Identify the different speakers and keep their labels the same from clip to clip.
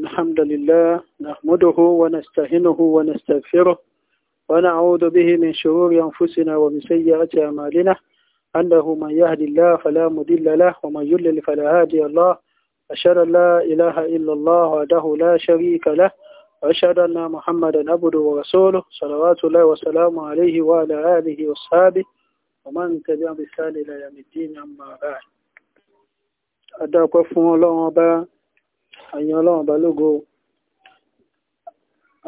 Speaker 1: الحمد لله نحمده ونستعينه ونستغفره ونعوذ به من شرور أنفسنا ومن سيئات أعمالنا أنه من يهدي الله فلا مضل له ومن يضلل فلا هادي الله أشهد أن لا إله إلا الله وحده لا شريك له وأشهد أن محمدا عبده ورسوله صلوات الله وسلامه عليه وعلى آله وصحبه ومن تبعهم بإحسان إلى يوم الدين أما بعد أدعوكم الله àyìn ọlọ́run ọba lógo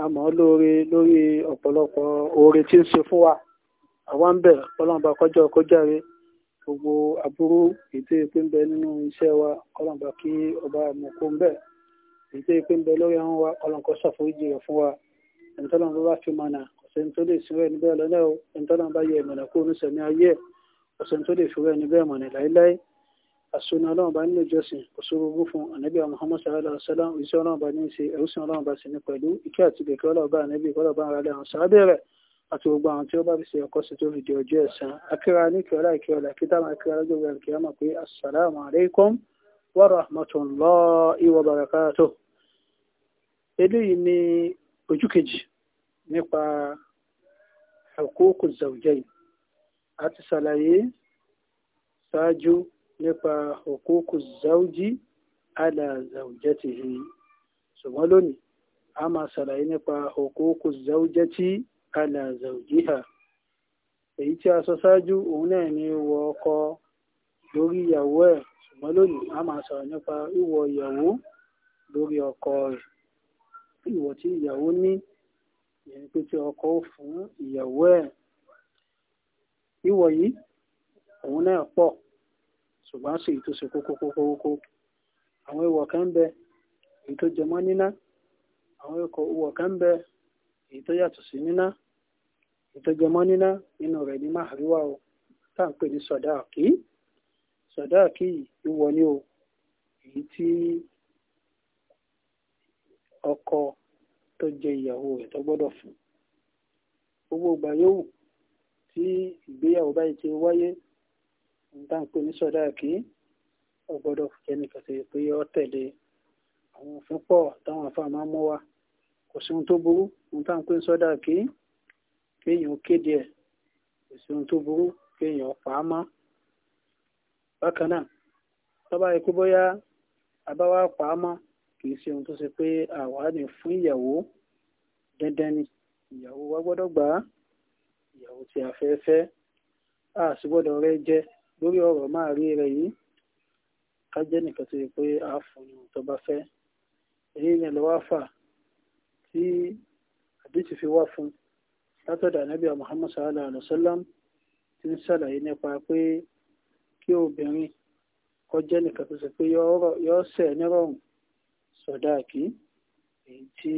Speaker 1: àmọ́ lórí lórí ọ̀pọ̀lọpọ̀ oore tí ń se fún wa àwa ń bẹ̀ ọlọ́run ọba gbogbo aburú ètò ìpín ń bẹ nínú iṣẹ́ wa ọlọ́run kí ọba ń ètò ìpín ń bẹ lórí àwọn wa ọlọ́run ṣàforíjì rẹ̀ fún wa ẹni tọ́lọ́run bá fi mọ̀nà ọ̀sẹ̀ tó lè rẹ̀ níbẹ̀ lọ́lẹ́ o ẹni tọ́lọ́run bá yẹ ìmọ̀nà kó ayé ọ̀sẹ̀ tó lè rẹ̀ níbẹ̀ àsọ̀nà ọlọ́run bá nínú ìjọsìn kò sóró ogún fún ànábì Muhammad sallallahu alaihi wasallam ìṣẹ́ ọlọ́run bá ní ṣe ẹ̀rúsìn ọlọ́run bá sì ní pẹ̀lú ìkẹ́ àti ìgbẹ̀kẹ́ ọlọ́run bá ànábì ọlọ́run bá ń ralẹ̀ àwọn sábẹ́ rẹ̀ àti gbogbo àwọn tí ó bá fi ṣe ẹ̀kọ́ sí tó fi di ọjọ́ ẹ̀san akíra ní kíọ́lá ìkíọ́lá kí táwọn akíra lọ́jọ́ ìwé àlùkí àmọ̀ pé assalamu alaikum wa rahmatullahi wa barakatuh eléyìí ni ojú kejì nípa huququ zawjayn àti ṣàlàyé ṣáájú nípa huququ zawji ala zawjatihi ṣùgbọ́n lónìí a máa ṣàlàyé nípa huququ zawjati ala zawjiha èyí tí a sọ ṣáájú òun náà ni wọ ọkọ lórí ìyàwó ẹ̀ ṣùgbọ́n lónìí a máa sọ̀rọ̀ nípa ìwọ ìyàwó lórí ọkọ rẹ̀ ìwọ tí ìyàwó ní ìyẹn pé tí ọkọ ó fún ìyàwó ẹ̀ ìwọ yìí òun náà pọ̀ ṣùgbọ́n sì tó ṣe kókó kókó àwọn ìwọ̀ kan bẹ èyí tó jẹmọ́ níná àwọn ìwọ̀ kan bẹ èyí tó yàtọ̀ sí níná èyí tó jẹmọ́ níná nínú rẹ̀ ní o tá à ń pè ní ni o èyí tí ọkọ tó jẹ ìyàwó rẹ̀ tó gbọ́dọ̀ fún gbogbo ìgbà yòówù tí ìgbéyàwó báyìí nta ki pè ní sọdáàkì ọgbọ́dọ̀ jẹ́nìkan ṣe pé ọ tẹ̀lé àwọn òfin pọ̀ táwọn afá máa mú wa kò sí ohun tó burú ohun tá à ń pè ní ke kéèyàn kéde ọ pa á mọ́ bákan náà ya ikú pa á mọ́ kì si ṣe ohun dandan ni ìyàwó wa gbọ́dọ̀ gbà a fẹ́ fẹ́ a sì gbọ́dọ̀ lórí ọ̀rọ̀ máa rí rẹ̀ yìí ká jẹ́ nìkan tó yẹ pé a fún un tó bá fẹ́ èyí ni lọ́wọ́ fà tí àdìsí fi wá fún látọ̀dọ̀ ànábì Muhammad sallallahu alaihi wasallam ti ń ṣàlàyé nípa pé kí obìnrin kó jẹ́ nìkan tó ṣe pé yọ́ sẹ̀ nírọ̀rùn sọ̀dáàkì èyí tí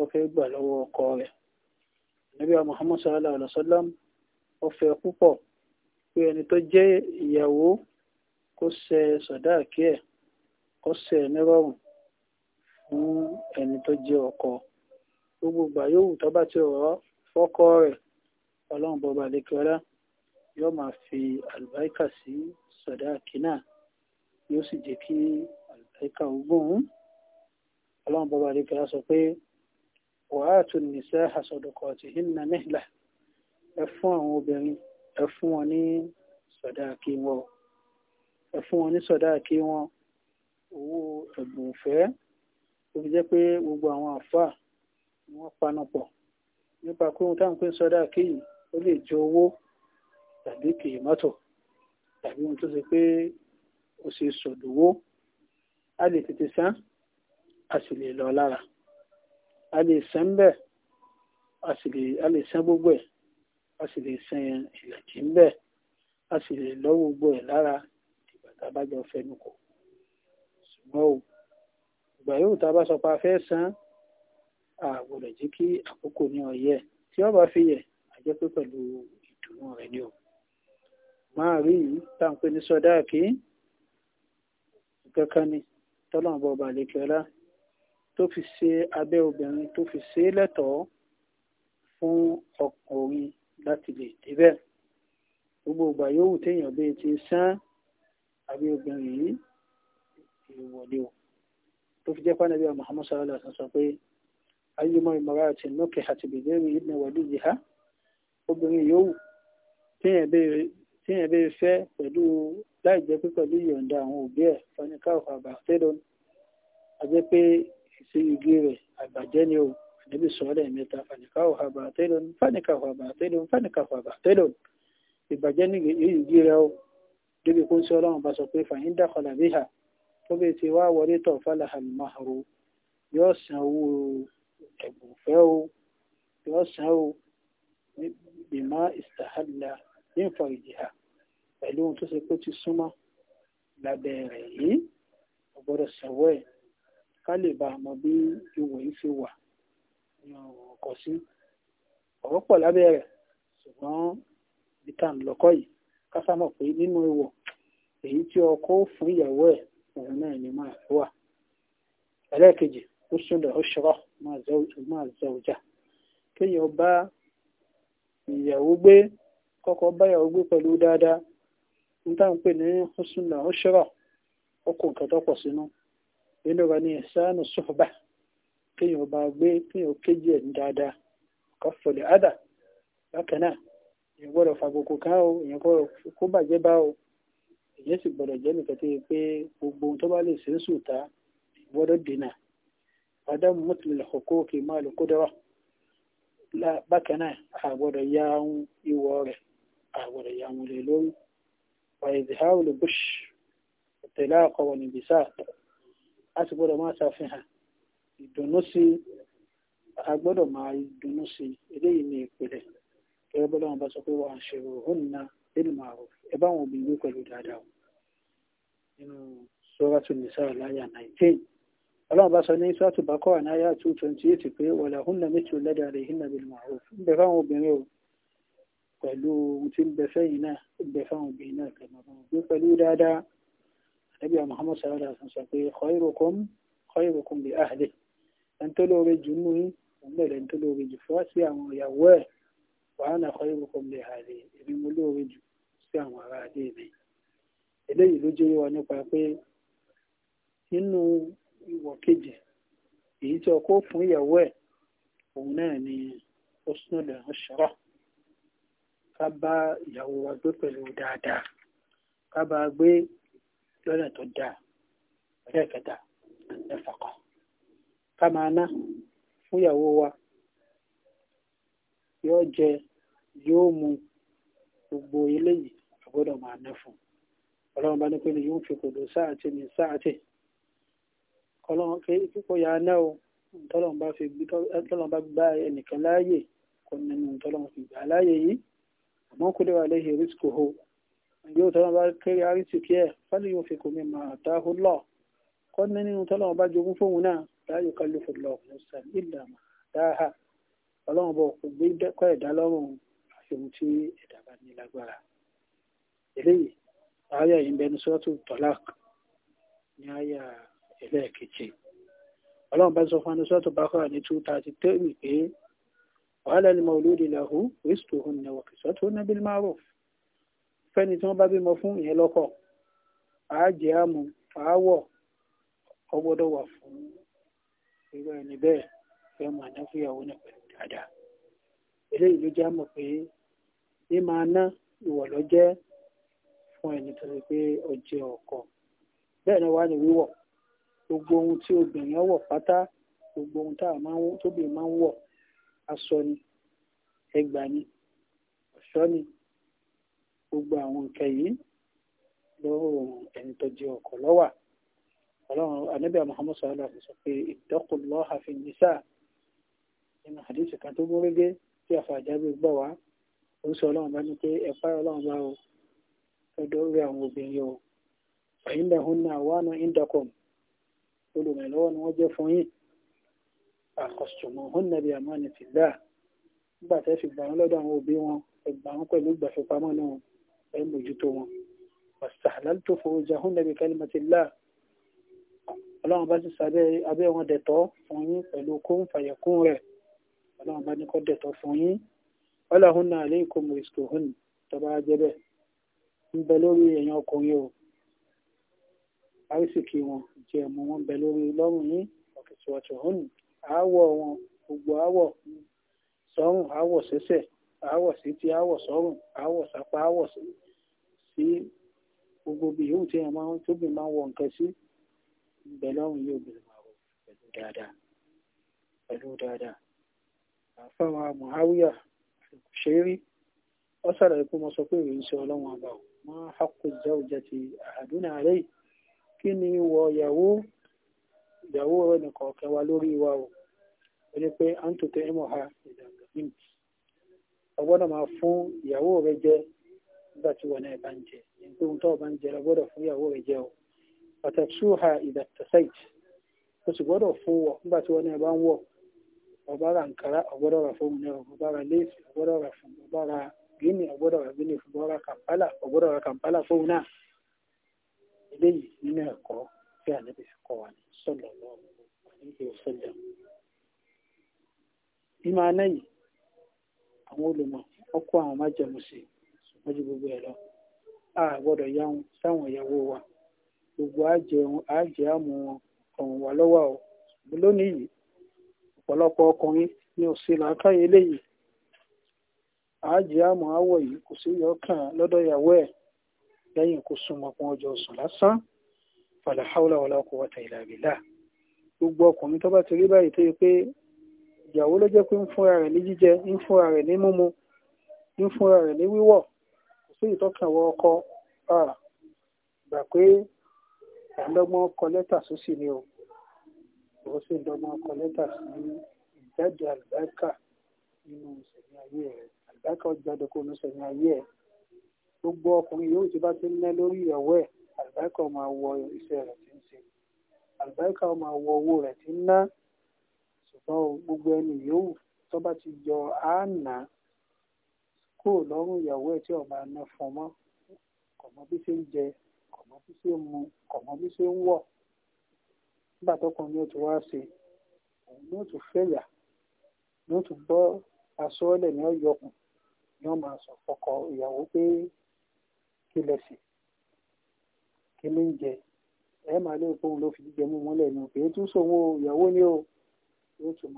Speaker 1: ó fẹ́ gbà lọ́wọ́ ọkọ rẹ̀ ànábì Muhammad sallallahu alaihi wasallam ó fẹ́ púpọ̀ pé ẹni tó jẹ́ ìyàwó kó ṣe sọ̀dáàkí ẹ̀ kó ṣe nírọ̀rùn fún ẹni tó jẹ́ ọkọ gbogbo ìgbà yòówù tó bá ti rọ̀ fọ́kọ rẹ̀ ọlọ́run bọba lẹ́kẹ́ọ́lá yóò máa fi àlùbáríkà sí sọ̀dáàkí náà yóò sì jẹ́ kí àlùbáríkà ogún ọlọ́run bọba lẹ́kẹ́ọ́lá sọ pé wàá tún nìṣẹ́ àsọdọ̀kọ̀ ọ̀tì hìnnà nílà ẹ fún àwọn obìnrin ẹ fún wọn ní sọ̀dáàkì wọn ẹ fún wọn ní sọ̀dáàkì wọn owó ẹ̀bùn ìfẹ́ tó fi jẹ́ pé gbogbo àwọn àfà ni wọ́n panupọ̀ nípa pé ohun táwọn pé ń sọ̀dáàkì yìí ó lè jẹ owó tàbí kìí mọ́tò tàbí ohun tó ṣe pé ó ṣe sọ̀dọ̀wọ́ a lè tètè san a sì lè lọ lára a lè san bẹ́ẹ̀ a lè san gbogbo ẹ̀ a sì lè sin ìlẹ̀jì ńbẹ̀ a sì lè lọ́ gbogbo ẹ̀ lára ìgbà tá a bá jọ fẹnu kò ṣùgbọ́n o ìgbà yóò tá a bá sọ pé a fẹ́ san a gbọ́dọ̀ jẹ́ kí àkókò ní ọyẹ tí wọ́n bá fi yẹ a jẹ́ pé pẹ̀lú ìdùnnú rẹ̀ ni o máa rí yìí tá à ń pè ní sọdá kí kankan ni tọ́lọ́mọba ọba àlekẹ́lá tó fi ṣe abẹ́ obìnrin tó fi ṣe é lẹ́tọ̀ọ́ fún ọkùnrin láti lè débẹ̀ gbogbo ìgbà yòówù téèyàn bẹ́ẹ̀ ti sán àbí obìnrin yìí ìwọlé o tó fi jẹ́ pàdé bí i Muhammad sallallahu alaihi wasallam pé ayyuma imra'atin nukihat bi ghayri idni waliha obìnrin yòówù téèyàn bẹ́ẹ̀ fẹ́ pẹ̀lú láì jẹ́ pé pẹ̀lú ìyọ̀ǹda àwọn òbí ẹ̀ fani káwọ̀ àbàtẹ́dọ̀n àjẹ́ pé ìṣe igi rẹ̀ àgbàjẹ́ ni o níbi sọ́ọ́lẹ̀ mẹ́ta fanikahu batilun fanikahu batilun fanikahu batilun ìbàjẹ́ ní ìyí rẹ̀ ó débi kún sí ọlọ́run bá sọ pé fàyín dákọ̀lá bí ha tó bẹ́ẹ̀ ti wá wọlé tọ̀ fálà àlùmáhàrú yóò san owó ẹ̀bùnfẹ́ o yóò san o bímá ìsàhálà ní ìfọ̀rìjìhà pẹ̀lú ohun tó ṣe pé ti súnmọ́ lábẹ́ rẹ̀ yìí ọ̀gbọ́dọ̀ sanwó ẹ̀ ká lè bá a mọ bí ìwòyí fi wà ọkọ̀ sí ọ̀rọ̀ pọ̀ lábẹ́ rẹ̀ ṣùgbọ́n bíta ń lọ́kọ́ yìí kásá mọ̀ pé nínú ìwọ̀ èyí tí ọkọ fún ìyàwó ẹ̀ òun náà ni máa wà ẹlẹ́ẹ̀kejì ó súnlẹ̀ ó ṣọ́rọ̀ máa zẹ ọjà kéèyàn bá ìyàwó gbé kọ́kọ́ bá ìyàwó gbé pẹ̀lú dáadáa ń táwọn pè ní ó súnlẹ̀ ó ṣọ́rọ̀ ó nǹkan kéèyàn bá gbé kéèyàn kéjì ẹ̀ ní dáadáa kọ́ fọlẹ̀ ádà bákan náà èèyàn gbọ́dọ̀ fàgbòkò ká o èèyàn gbọ́dọ̀ kó bàjẹ́ bá o èèyàn sì gbọ́dọ̀ jẹ́ nìkan tó yẹ pé gbogbo ohun tó bá lè ṣe ń sùta gbọ́dọ̀ dènà adam mutulẹ̀ kókó kì í máa lò kó dẹ́wà bákan náà àgbọ́dọ̀ ya ohun ìwọ rẹ̀ àgbọ́dọ̀ ya ohun lè lórí wàyẹ̀dìháwò lè bush tẹ̀lé àkọwọ̀ níbi sáà a sì gbọ́dọ̀ máa ṣàfihàn ìdùnnú sí a gbọ́dọ̀ máa dùnnú sí eléyìí ní ìpìlẹ̀ gẹ́gẹ́ bọ́lá wọn bá sọ pé wọ́n ṣe òhún na nínú màrò ẹ bá wọn obìnrin pẹ̀lú dáadáa o nínú sọ́ràtún nìsá láyà 19 ọlọ́run bá sọ ní sọ́ràtù bá kọ́wà náyà 228 pé wọ̀là húnnà mítù lẹ́dà rẹ̀ hínà bil ma'ruf ń bẹ fáwọn obìnrin o pẹ̀lú ohun tí ń bẹ fẹ́yìn náà ń bẹ fáwọn obìnrin náà kẹ̀mọ́ fún pẹ̀lú dáadáa àdébíà Muhammad sallallahu alaihi wasallam sọ pé khairukum khairukum bi ahlihi ẹni tó lóore jù nínú yín òun náà lẹni tó lóore jù fọwọ́ sí àwọn ìyàwó ẹ̀ wàhánà kọ́ ìrùkọ́ lè hàlẹ̀ èmi mo lóore jù sí àwọn ará ilé mi eléyìí ló jẹ́ wa nípa pé nínú ìwọ̀ kejì èyí tí ọkọ fún ìyàwó ẹ̀ òun náà ni ó sún lè ń ṣọ́rọ̀ ká bá ìyàwó wa gbé pẹ̀lú dáadáa ká bá gbé lọ́nà tó dáa ẹ̀ẹ́kẹta ẹ̀fà ká máa ná fún ìyàwó wa yóò jẹ yóò mu gbogbo eléyìí a gbọ́dọ̀ máa ná fún ọlọ́run bá ní pé ni yóò fi kòdó sáàtì ní sáàtì ọlọ́run kí kíkó ya ná o tọ́lọ́run bá fi tọ́lọ́run bá gba ẹnìkan láàyè kò nínú tọ́lọ́run fi gbà láàyè yìí àmọ́ kó lè wà lẹ́yìn rísíkò o yóò tọ́lọ́run bá kéré àrísìkí ẹ̀ fọ́lẹ́ yóò fi kò mí máa dáhùn lọ kọ́ nínú tọ́lọ́run bá jogún fóun náà láyò kálífù lọ ọ̀sẹ̀ ìlànà dáhà ọlọ́run bọ̀ kò gbé dẹ́kọ̀ ẹ̀dá lọ́rùn àfihàn tí ẹ̀dá bá ní lágbára eléyìí ààyè yìí bẹnu sọ́ọ̀tù tọ́lák ní ààyè ẹlẹ́ẹ̀kejì ọlọ́run bá sọ fún ẹni sọ́ọ̀tù bákọ́rà ní two thirty three pé wàhálà ni mawludi lahu rizquhunna wa kiswatuhunna bil ma'ruf fẹ́ni tí wọ́n bá bímọ fún ìyẹn lọ́kọ àájẹ́ àmú àáwọ̀ ọgbọ́dọ̀ wà fún irú ẹni bẹ́ẹ̀ fẹ́ máa ná fúyàwó náà pẹ̀lú dáadáa eléyìí ló já mọ̀ pé ní máa ná ìwọ̀ lọ jẹ́ fún ẹni tó ṣe pé ó jẹ́ ọkọ bẹ́ẹ̀ ni wàá ní wíwọ̀ gbogbo ohun tí obìnrin ọwọ̀ pátá gbogbo ohun tóbi máa ń wọ̀ aṣọ ni ẹgbàá ni ọ̀ṣọ́ ni gbogbo àwọn nǹkan yìí lọ́rùn ẹni tó jẹ́ ọkọ lọ́wà ọlọ́run anábì muhammad sallallahu alaihi wa sọ pé ittaqullaha fi nisa nínú àdéhùn kan tó múrégé tí àfàjábí gbọ́ wá ó sọ ọlọ́run bá ní pé ẹ̀fá ọlọ́run bá o ọdọ orí àwọn obìnrin o ẹ̀yìn bẹ̀ hún náà wà ní indocom olùrànlọ́wọ́ ni wọ́n jẹ́ fún yín àkọsùmọ̀ hún nàbí àmọ́ni ti dá nígbà tẹ́ fi gbà wọn lọ́dọ̀ àwọn òbí wọn ẹgbà wọn pẹ̀lú ìgbàfipamọ́ náà ẹ mójútó wọn wàsàláltófò ọjà hún nàbí kálímàtì láà ọlọ́run bá ti sábẹ́ abẹ́ wọn dẹ̀tọ́ fún yín pẹ̀lú kóhùn fàyẹ̀kún rẹ̀ ọlọ́run bá ní kọ́ dẹ̀tọ́ fún yín ọlọ́run náà lè kó mọ̀ ìṣòro hàn tọ́ba jẹ́bẹ̀ ń bẹ lórí èèyàn ọkùnrin o àrísìkì wọn jẹ́ ẹ̀mú wọn bẹ lórí lọ́rùn yín ọ̀kẹ́sọ̀tọ̀ hàn àáwọ̀ wọn gbogbo àáwọ̀ sọ́rùn àáwọ̀ sẹ́sẹ̀ àáwọ̀ sí ti àáwọ̀ sọ́rùn àáwọ̀ sápá àáwọ̀ sí gbogbo bìyẹ̀wò tí èèyàn máa ń tóbi máa ń wọ nǹkan sí ń bẹ lọ́rùn yóò bẹ̀rẹ̀ màrò pẹ̀lú dáadáa pẹ̀lú dáadáa àfáwọn Muawiya ṣeré ọ sàlàyé kó mọ sọ pé ìròyìn sí ọlọ́run àgbà mọ́ haqqu zawjati ahaduna alayhi kí ni ìwọ ìyàwó ìyàwó rẹ̀ nìkan kẹwa lórí wa o ó ní pé à ń ha ìdàgbà ní ọgbọ́dọ̀ máa fún ìyàwó rẹ̀ jẹ nígbà tí wọn náà bá ń jẹ ní pé ohun tó bá ń jẹ ọgbọ́dọ̀ fún ìyàwó o ọ̀tẹ̀túhà ìdàtẹ̀sẹ̀t ó sì gbọ́dọ̀ fún wọ nígbà tí wọ́n ní ẹ̀bá ń wọ̀ ọba ra nkàrà ọgbọ́dọ̀ rà fóun náà ọba ra léèsì ọgbọ́dọ̀ rà fún ọba ra gíní ọgbọ́dọ̀ rà gíní fún ọba wa ní sọ́lọ̀ gbogbo àjẹ àmú ọ̀hún wà lọ́wọ́ o lónìí yìí ọ̀pọ̀lọpọ̀ ọkùnrin ni ò sí làákàyè eléyìí àjẹ àmú àwọ̀ yìí kò sí yọkàn lọ́dọ̀ ìyàwó ẹ̀ lẹ́yìn kó súnmọ́ pọn ọjọ́ sùn lásán fala hawla wala quwwata illa billah gbogbo ọkùnrin tó bá ti rí báyìí tó yẹ pé ìyàwó ló jẹ́ pé ń fúnra rẹ̀ ní jíjẹ ń fúnra rẹ̀ ní mímu ń fúnra rẹ̀ ní wíwọ̀ kò sí ìtọ́kànwọ́ ọkọ gbà pé òun lọ́gbọ́n kọ lẹ́tà sósì ni o òun sì lọ́gbọ́n kọ lẹ́tà sí ìjáde àlùbáríkà nínú ìsẹ̀yìn ayé rẹ̀ àlùbáríkà ọ̀jáde kó nínú ìsẹ̀yìn ayé ẹ̀ gbogbo ọkùnrin yòówù tí bá ti ń ná lórí ìyàwó ẹ̀ àlùbáríkà máa wọ iṣẹ́ rẹ̀ tí ń ṣe àlùbáríkà máa wọ owó rẹ̀ tí ń ná ṣùgbọ́n gbogbo ẹni yòówù tó bá ti yọ àánà kúrò lọ́rùn ìyàwó ẹ̀ tí ọ̀ máa ná ọmọ bí ṣe ń jẹ mọ bí ṣe ń mu kò mọ bí ṣe ń wọ̀ nígbà tọkùnrin ó ti wá ṣe òun ní ó tún fẹ̀yà ní ó tún gbọ́ aṣọ́ọ́lẹ̀ ní ọ̀yọ́kùn ni wọ́n máa sọ fọkọ ìyàwó pé kí lẹ sè kí ló ń jẹ ẹ máa lé òpóhùn ló fi jíjẹ mú wọn lẹ́nu kì í tún sòwò ìyàwó ni ó yóò tún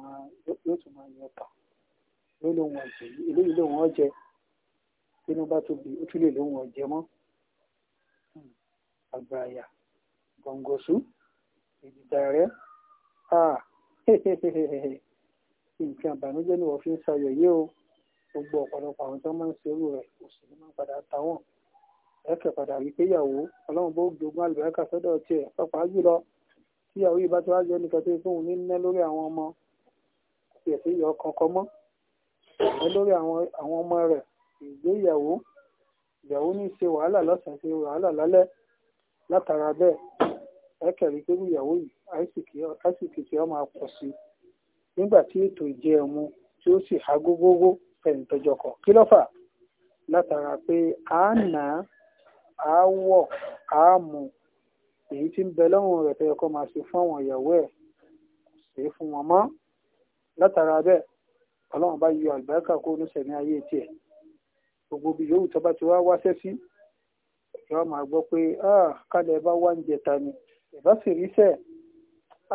Speaker 1: máa yẹ kà ló lóun ọ̀jẹ̀ eléyìí lóun ọ̀jẹ̀ inú bá tóbi ó tún lè lóun ọ̀jẹ̀ mọ́ àgbàyà gbọ̀ngọ̀sù ìdìdà rẹ̀ à nǹkan àbànújẹ́ ni wọ́n fi ń sayọ̀ yìí o gbogbo ọ̀pọ̀lọpọ̀ àwọn tó máa ń ṣerú rẹ̀ kò sì ní máa padà táwọn ẹ̀kẹ́ padà rí pé ìyàwó ọlọ́run bó gbogbo àlùbáríkà sọ́dọ̀ tiẹ̀ pàápàá jùlọ tíyàwó yìí bá ti wá jẹ́ nìkan tó fún un ní ná lórí àwọn ọmọ tiẹ̀ sí ìyọ̀ kankan mọ́ ẹ lórí àwọn ọmọ rẹ̀ ìgbé ìyàwó ìyàwó ní ṣe wàhálà lọ́sàn ṣe wàhálà lálẹ́ látara bẹ́ẹ̀ ẹ kẹ̀rí pé ìyàwó yìí àìsìkì tí ó máa pọ̀ sí nígbà tí ètò ìjẹ́ ọmú tí ó sì há gógógó fẹ̀yìntọ́jọ́ kọ̀ kí ló fà látara pé a nà á wọ̀ á mú èyí tí ń bẹ lọ́rùn rẹ̀ tó yẹ máa ṣe fún àwọn ìyàwó ẹ̀ kò sí fún wọn mọ́ látara bẹ́ẹ̀ ọlọ́run bá yọ àlùbáríkà kó ní ayé tiẹ̀ gbogbo ibi yòówù tó bá ti wá wáṣẹ́ sí yọ máa gbọ́ pé ah, kálẹ̀ bá wá ń jẹta ni ìbá sì ríṣẹ́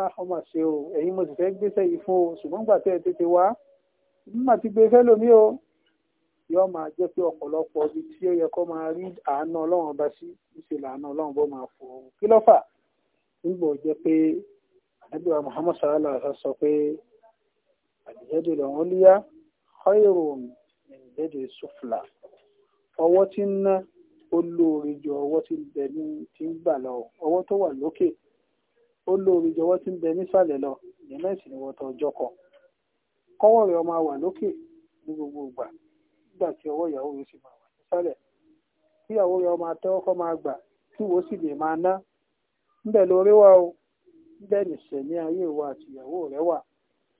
Speaker 1: ah, ọmọ ṣe o ẹ̀yin mo sì fẹ́ gbéṣẹ́ yìí fún o ṣùgbọ́n gbà tẹ́ ẹ tètè wá nígbà tí gbé fẹ́ lómi o yọ máa jẹ́ pé ọ̀pọ̀lọpọ̀ ibi tí ó yẹ kó máa rí àánú ọlọ́run bá sí ìṣe làánú ọlọ́run bó máa fò ó kí ló fà nígbà ó jẹ́ pé àdúrà Muhammad sallallahu alaihi wasallam sọ pé àdìjẹ́dẹ̀ lọ́wọ́ líyá khairun min yadi ọwọ́ tí ń ná ó lóore ju ọwọ́ tí ń bẹ ní ti ń gbà lọ ọwọ́ tó wà lókè ó lóore ju ọwọ́ tí ń bẹ nísàlẹ̀ lọ ìyẹn náà sì ni wọ́n tọ ọjọ́ kọ kọ́wọ́ rẹ̀ máa wà lókè ní gbogbo ìgbà nígbà tí ọwọ́ ìyàwó rẹ̀ sì máa wà nísàlẹ̀ kí ìyàwó rẹ̀ máa tẹ́wọ́ kọ́ máa gbà kí wo sì lè máa ná níbẹ̀ lórí wa o níbẹ̀ nìṣẹ̀ ní ayé wa àti ìyàwó rẹ̀ wà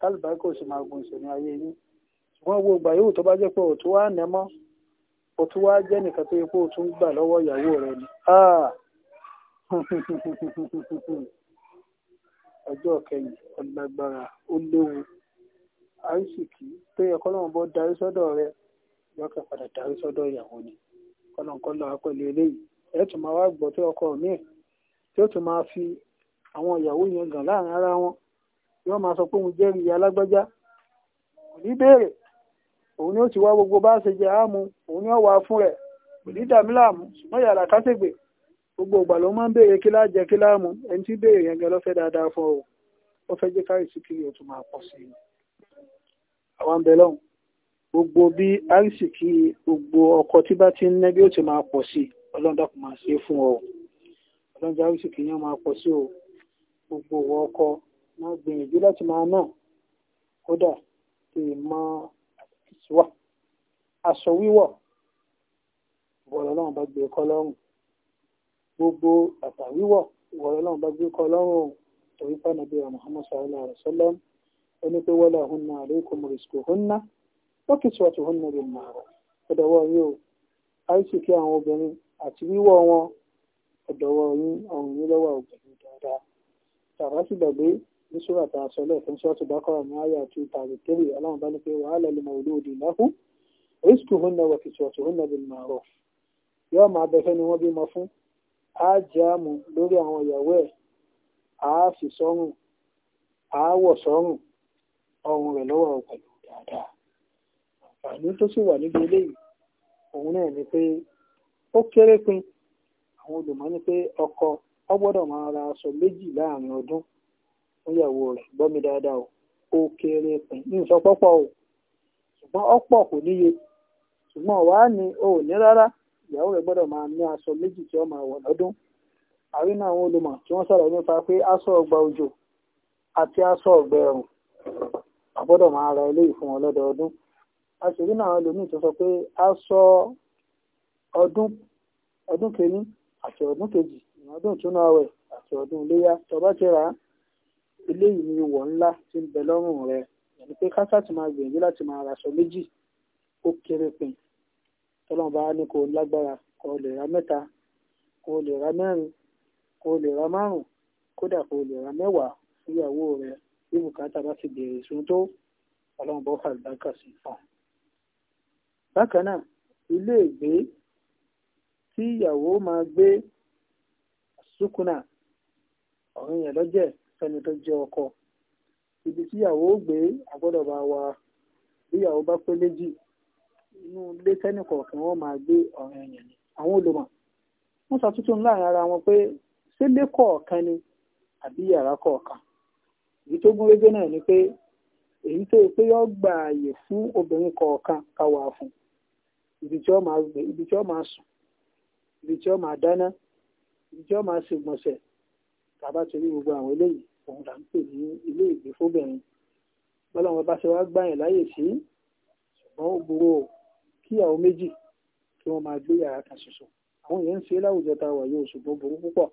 Speaker 1: tálùbáríkò sì máa gun ìṣẹ̀ ní ayé yín ṣùgbọ́n gbogbo ìgbà yóò tó bá jẹ́ pé òtún wá nẹ́ mọ́ o tún wá jẹ́ nìkan tó yẹ kó o tún gbà lọ́wọ́ ìyàwó rẹ ni ọjọ́ kẹyìn ọlágbára ó léwu àìsìkí tó yẹ kọ́lọ́run bọ́ darí sọ́dọ̀ rẹ yọkẹ́ padà darí sọ́dọ̀ ìyàwó ni kọ́lọ́run kọ́ lọ́wọ́ pẹ̀lú eléyìí ẹ tún máa wá gbọ́ tó ọkọ míì tí ó tún máa fi àwọn ìyàwó yẹn gàn láàrin ara wọn yóò máa sọ pé òun jẹ́rìí alágbájá kò ní béèrè òun ni ó ti wá gbogbo bá ṣe jẹ àmú òun ni ó wà fún rẹ̀ òní dàmí láàmú ṣùgbọ́n yàrá kásègbè gbogbo ìgbà ló máa ń béèrè kí lájẹ kí láàmú ẹni tí béèrè yẹn gan ló fẹ́ dáadáa fún ọ ó fẹ́ jẹ́ káyìí sí kiri ó tún máa pọ̀ sí i àwọn ń bẹ lọ́hùn gbogbo bí àrísìkí gbogbo ọkọ tí bá ti ń ná bí ó ti máa pọ̀ sí i ọlọ́run máa ṣe fún ọ ọlọ́run jẹ́ àrísìkí yẹn máa pọ̀ sí o gbogbo ọkọ máa gbìyànjú láti máa náà kódà kì í máa wà aṣọ wíwọ̀ wọ̀rọ̀ náà bá gbé kọ́ lọ́rùn gbogbo bàtà wíwọ̀ wọ̀rọ̀ náà bá gbé kọ́ lọ́rùn torí pàna bí ọ̀nà Muhammad sallallahu alaihi wasallam ó ní pé wọ́lá hun náà alaykum rizquhunna lókìtì ọ̀tún hun náà lè mọ̀ ọ̀rọ̀ ọ̀dọ̀wọ́ yín o àìsíkí àwọn obìnrin àti wíwọ̀ wọn ọ̀dọ̀wọ́ yín ọ̀rùn yín lọ́wọ́ obìnrin dáadáa tàbá sì gbàgbé ní sura tá a sọ lẹ́ẹ̀kan sọ́ọ̀tù bákọ́rà ní àyà two thirty three ọlọ́run bá ní pé wàhálà lè mọ olóòdì láhù oríṣìkì òun náà wọ̀kì sọ̀tù òun náà bí mà rọ̀ yóò máa bẹ̀fẹ́ ni wọ́n bímọ fún á jáàmù lórí àwọn ìyàwó ẹ̀ á fi sọ́rùn á wọ̀ sọ́rùn ọrùn rẹ̀ lọ́wọ́ pẹ̀lú dáadáa àǹfààní tó sì wà níbi eléyìí òun náà ni pé ó kéré pin àwọn olùmọ̀ ni pé ọkọ ọ máa ra aṣọ méjì láàrin ọdún fún ìyàwó rẹ̀ gbọ́ mi dáadáa o ó kéré pin ní ìsọpọ́pọ̀ o ṣùgbọ́n ọ̀pọ̀ kò níye ṣùgbọ́n wàá ní o ní rárá ìyàwó rẹ̀ gbọ́dọ̀ máa ní aṣọ méjì tí ó máa wọ̀ lọ́dún àrínà àwọn olùmọ̀ tí wọ́n sọ̀rọ̀ nípa pé aṣọ ọgbà òjò àti aṣọ ọgbà ẹ̀rùn a gbọ́dọ̀ máa ra eléyìí fún wọn lọ́dọọdún a náà lómi tó sọ pé aṣọ ọdún ọdún àti ọdún kejì ọdún àti ọdún bá ti rà á eléyìí ni ìwọ̀ ńlá tí ń bẹ lọ́rùn rẹ ẹni pé kásá ti máa gbìyànjú láti máa raṣọ méjì ó kéré pin tọ́lọ́run bá ní kó lágbára kó lè ra mẹ́ta kó lè ra mẹ́rin kó lè ra márùn kódà kó lè ra mẹ́wàá fúyàwó rẹ bí bùkátà bá ti bèrè sun tó ọlọ́run bọ́ fàlùbákà sí fún un. bákan náà ilé ìgbé tí ìyàwó máa gbé sùkúnà ọ̀rìn yẹn lọ́jẹ́ fẹ́ni tó jẹ́ ọkọ ibi tíyàwó ó gbé àgbọ́dọ̀ bá wa bíyàwó bá pé méjì inú ilé tẹ́nì wọn máa gbé ọ̀rọ̀ ẹ̀yàn ni àwọn olùmọ̀ wọ́n ṣàtúntò láàrin ara wọn pé sílé kọ̀ọ̀kan ni àbí yàrá kọ̀ọ̀kan èyí tó gún régé náà ni pé èyí tó pé yọ gba àyè ibi tí ibi tí ibi tí máa dáná gbogbo àwọn eléyìí òun là ń pè ní ilé ìgbé fóbìnrin bọ́láwọn bá ṣe wá gbà yẹn láyè sí ṣùgbọ́n ó burú o kíyàwó méjì kí wọ́n máa gbé yàrá kan ṣoṣo àwọn yẹn ń ṣe láwùjọ ta wà yóò ṣùgbọ́n burú púpọ̀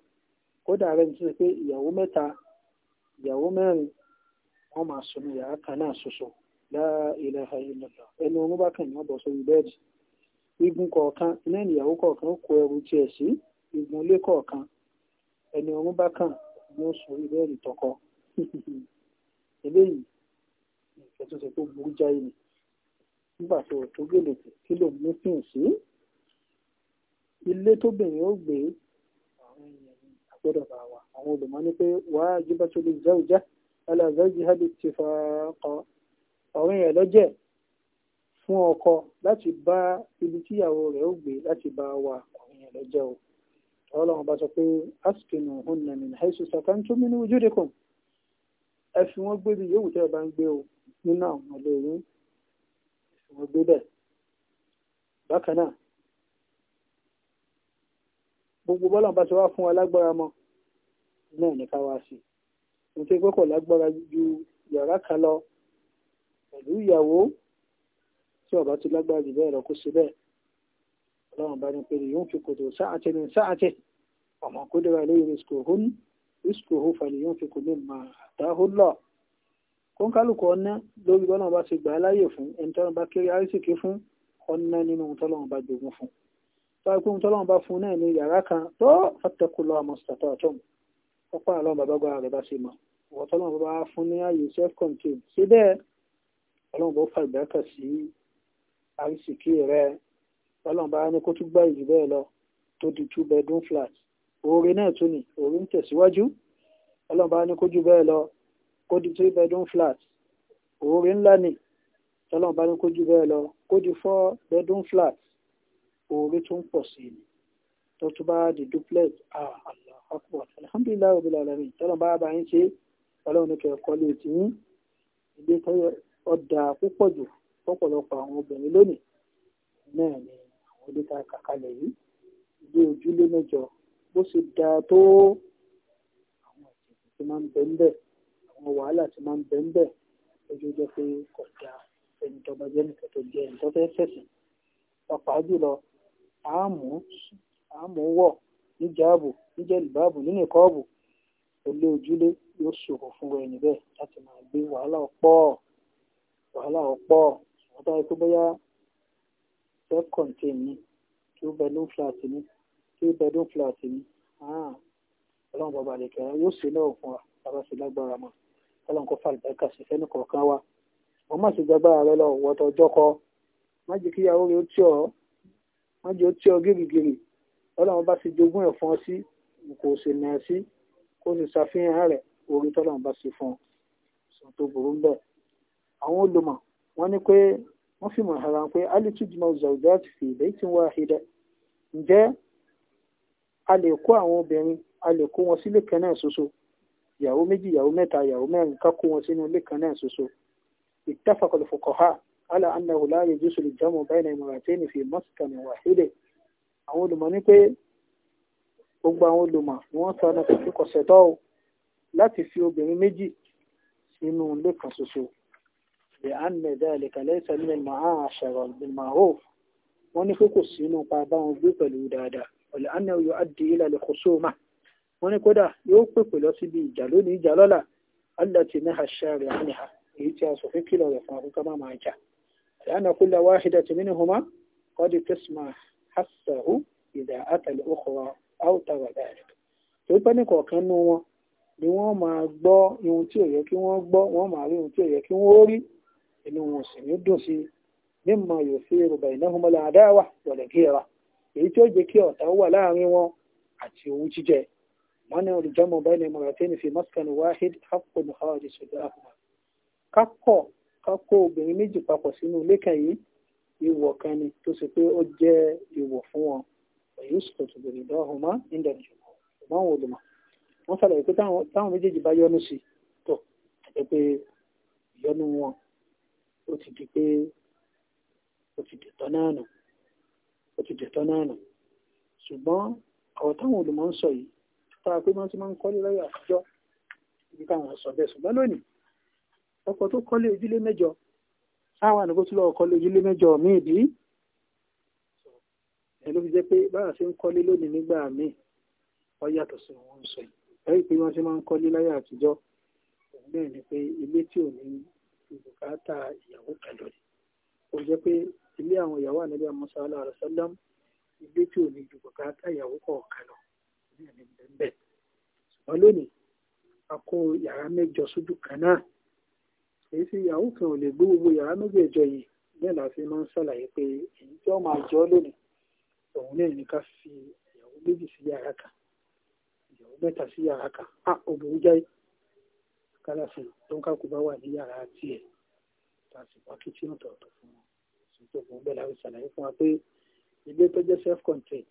Speaker 1: kódà rẹ̀ ń sọ pé ìyàwó mẹ́ta ìyàwó mẹ́rin wọ́n máa sọ ní yàrá kan náà ṣoṣo lá ilaha illallah ẹnu orun bá kàn ní ọ̀bọ̀ sórí bẹ́ẹ̀dì igun kọ̀ọ̀kan iná ìyàwó kọ̀ọ̀kan kó ẹrù tiẹ̀ sí igun ilé kọ̀ọ̀kan ẹni orun bá kàn yóò sọ irú ẹ̀rí tọkọ eléyìí nǹkan tó ṣe tó burú jáì ni nígbà tó tó gèlè tì kí ló mú fìn sí ilé tóbìnrin ó gbé àwọn èèyàn ní àgbọ́dọ̀ bá wa àwọn olùmọ̀ ní pé wàá jíbátú lè jẹ́ òjá aláàzájì hàbí ti fa ọkọ àwọn èèyàn lọ́jẹ̀ fún ọkọ láti bá ibi tíyàwó rẹ̀ ó gbé láti bá wa àwọn èèyàn lọ́jẹ̀ o ọlọ́run bá sọ pé askinu hunna min haisu sakantum min wujudikum ẹ fi wọ́n gbé bí yòówù tẹ́ ẹ bá ń gbé o nínú àwọn ọ̀lẹ́ yìí fi wọ́n gbé bẹ́ẹ̀ bákan náà gbogbo bọ́lá bá ti wá fún wa mọ́ náà ní ká sí mo ti pé lágbára ju yàrá kan lọ pẹ̀lú ìyàwó tí ọba ti lágbára jù bẹ́ẹ̀ lọ kó ṣe bẹ́ẹ̀ ọlọ́run bá ní pé yóò fi kòtò sáàtì ní sáàtì ọmọ kó dé wa lé rìskòhún rìskòhún fàlẹ̀ yóò fi kò ní mà dáhó lọ. kónkálùkù ọ̀nà lórí bọ́lọ́run bá ti gbà á láàyè fún ẹni tọ́lọ́run bá kéré àrísìkí fún ọ̀nà nínú tọ́lọ́run bá jogún fún. tọ́lọ́kùn tọ́lọ́run bá fún náà ní yàrá kan tó fàtẹ́kù lọ́wọ́ mọ́sítàtọ̀ ọ̀tọ́m ọ̀pá àlọ́ bàbá gbà rẹ̀ bá ṣe mọ̀ ọ̀wọ́ tọ́lọ́run bá fún ní ààyè self contain síbẹ̀ ọlọ́run bó fà ìgbàkà sí àrísìkí rẹ̀ ọlọ́run bá ní kó tún gbá ìjù bẹ́ẹ̀ lọ tó di two bedroom flat oore náà tún ni oore ń tẹ̀síwájú ọlọ́run bá ní kó jù bẹ́ẹ̀ lọ kó di three bedroom flat oore ńlá ni ọlọ́run bá kó jù bẹ́ẹ̀ lọ kó di four bedroom flat oore tún pọ̀ sí i tó tún bá di duplex ah allah akbar alhamdulilayi rabbil alamin tọ́lọ́run bá bá yín ṣe ọlọ́run ní kẹ́ ẹ̀kọ́ lè tì yín ilé ọ̀dà púpọ̀ jù pọ̀pọ̀lọpọ̀ àwọn obìnrin lónìí náà ni àkọlé tá a kà kalẹ̀ yìí bí ojúlé mẹ́jọ bó ṣe dáa tó àwọn ìṣẹ̀lẹ̀ tí máa ń bẹ ń bẹ̀ àwọn wàhálà tí máa ń bẹ ń bẹ̀ lójú jẹ́ pé kò dáa ẹni tó bá jẹ́ nìkan tó jẹ́ ẹni tó fẹ́ fẹ̀sìn pàápàá jùlọ àmú àmú wọ̀ níjàábù níjẹ̀lìbáàbù nínú ìkọ́ọ̀bù olé ojúlé yóò ṣòro fún ẹni bẹ́ẹ̀ láti máa gbé wàhálà ọ̀pọ̀ wàhálà ọ̀pọ̀ ọ̀tá ikú bóyá self ni two bedroom flat ni three bedroom flat ni ah, ọlọ́run bàbá àlekẹ́ yóò ṣe náà fún wa bàbá sì lágbára mọ́ ọlọ́run kó fàlùbáríkà sí fẹ́ni kọ̀ọ̀kan wa wọ́n má sì gbàgbára rẹ lọ wọ́tọ̀ ọjọ́ kọ má jẹ́ kí ìyàwó rẹ ó tí ọ̀rọ̀ má jẹ́ ó tí ọ gírígírí ọlọ́run bá wọ́n fi mọ̀hàrá pé alitujmau zawjat fi baytin wahida ǹjẹ́ a lè kó àwọn obìnrin a lè kó wọn sílé kan náà ṣoṣo ìyàwó méjì ìyàwó mẹ́ta ìyàwó mẹ́rin ká kó wọn sínú ilé kan náà ṣoṣo ittafaqa al-fuqaha ala annahu la yajuzu al-jam'u bayna imra'atayn fi maskanin wahidin àwọn olùmọ̀ ní pé gbogbo àwọn olùmọ̀ ni wọ́n sọ ọ́nà kò fi kọ̀ṣẹ̀tọ́ láti fi obìnrin méjì sínú ilé kan ṣoṣo لأن ذلك ليس من المعاشرة بالمعروف wọ́n ní kókò sínú pa bá wọn gbé pẹ̀lú dáadáa ọ̀lẹ́ àná yóò adì ilẹ̀ lè kó sóòmà wọ́n ní kódà yóò pèpè lọ síbi ìjà lónìí ìjà lọ́la aláti ní àṣà rẹ̀ àníhà èyí tí a sọ fún kìlọ̀ rẹ̀ fún akókò má máa jà lẹ́nà kó lọ wáhídà tí nínú homa kọ́dí tẹ́sìmà hasahu ìdá àtàlẹ́ òkòrò áwùtàwà dáadáa tó pẹ́ ní kọ̀ọ̀kan nú wọn ni wọ́n máa gbọ́ ohun tí ò yẹ kí wọ́n gbọ́ wọ́n máa rí ohun tí ò yẹ kí wọ́n rí inú wọn sì ní dùn sí mímọ yòófì yorùbá ìnáhùnmọ́ làdáwà wọlé kíra èyí tí ó jẹ́ kí ọ̀tá wà láàrin wọn àti owú jíjẹ wọn ní olùjọmọ bẹ́ẹ̀ ni mọ̀ràtẹ́ni fi mọ́sánù wáhid hapkò ní hajj sọ̀dọ̀ àkùnrin kákọ̀ kákọ̀ obìnrin méjì papọ̀ sínú ilé kan yìí ìwọ̀ kan ni tó sì pé ó jẹ́ ìwọ̀ fún wọn èyí sọ̀tọ̀ tó bèrè lọ́hùn mọ́ ìdẹ̀rùjọ́ ṣùgbọ́n wọn ò wọ́n sàlàyé pé táwọn méjèèjì bá yọnu sí tó àti pé ìyọnu wọn ó ti di pé ó ti dẹ̀tọ́ náà nù ó ti dẹ̀tọ́ náà nù ṣùgbọ́n àwọn táwọn olùmọ̀ ń sọ yìí tó pé wọ́n ti máa ń kọ́lé lọ́yọ̀ àtijọ́ ibi táwọn sọ bẹ́ẹ̀ ṣùgbọ́n lónìí ọkọ̀ tó kọ́lé ojúlé mẹ́jọ sáwọn àdúgbò tó lọ́wọ́ kọ́lé ojúlé mẹ́jọ míì bí ẹ̀ ló fi jẹ́ pé báyà ṣe ń kọ́lé lónìí nígbà míì wọ́n yàtọ̀ sí wọn ń sọ yìí lẹ́yìn pé wọ́n ti máa ń kọ́lé láyé àtijọ́ òun ni pé ilé tí ò ní bùkátà ìyàwó kan lórí ó jẹ́ pé ilé àwọn ìyàwó ànábì Musa aláwọ àlọsọlám ilé tí ò ní ju bùkátà ìyàwó kọ̀ọ̀kan lọ ní ẹni bẹ́ẹ̀ ṣùgbọ́n lónìí a kó yàrá mẹ́jọ sójú kan náà èyí sì ìyàwó kan ò lè gbé gbogbo yàrá mẹ́jọ yìí bẹ́ẹ̀ la fi máa ń ṣàlàyé pé èyí tí wọ́n máa jọ lónìí òun náà ní ká fi ìyàwó kálàfin tó ń kálukú bá wà ní yàrá tiẹ̀ tá a sì wá kí tí ọ̀tọ̀ọ̀tọ̀ fún wọn sì tó gbọ́n bẹ́ẹ̀ láti ṣàlàyé fún wa pé ilé tó jẹ́ self contained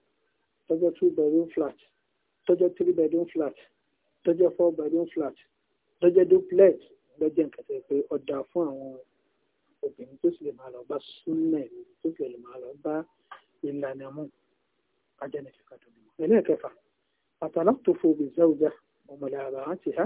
Speaker 1: tó jẹ́ two bedroom flat tó jẹ́ three bedroom flat tó jẹ́ four bedroom flat tó jẹ́ duplex lọ́jọ́ nǹkan pé ọ̀dà fún àwọn obìnrin tó sì lè máa lọ bá súnlẹ̀ tó sì lè máa lọ bá ìlànà mú ajẹ́nifẹ́kàtọ̀ mọ́ ẹlẹ́ẹ̀kẹfà àtàlà tó fo bìzẹ́ òjá ọmọlẹ́ àbáhàn ti ha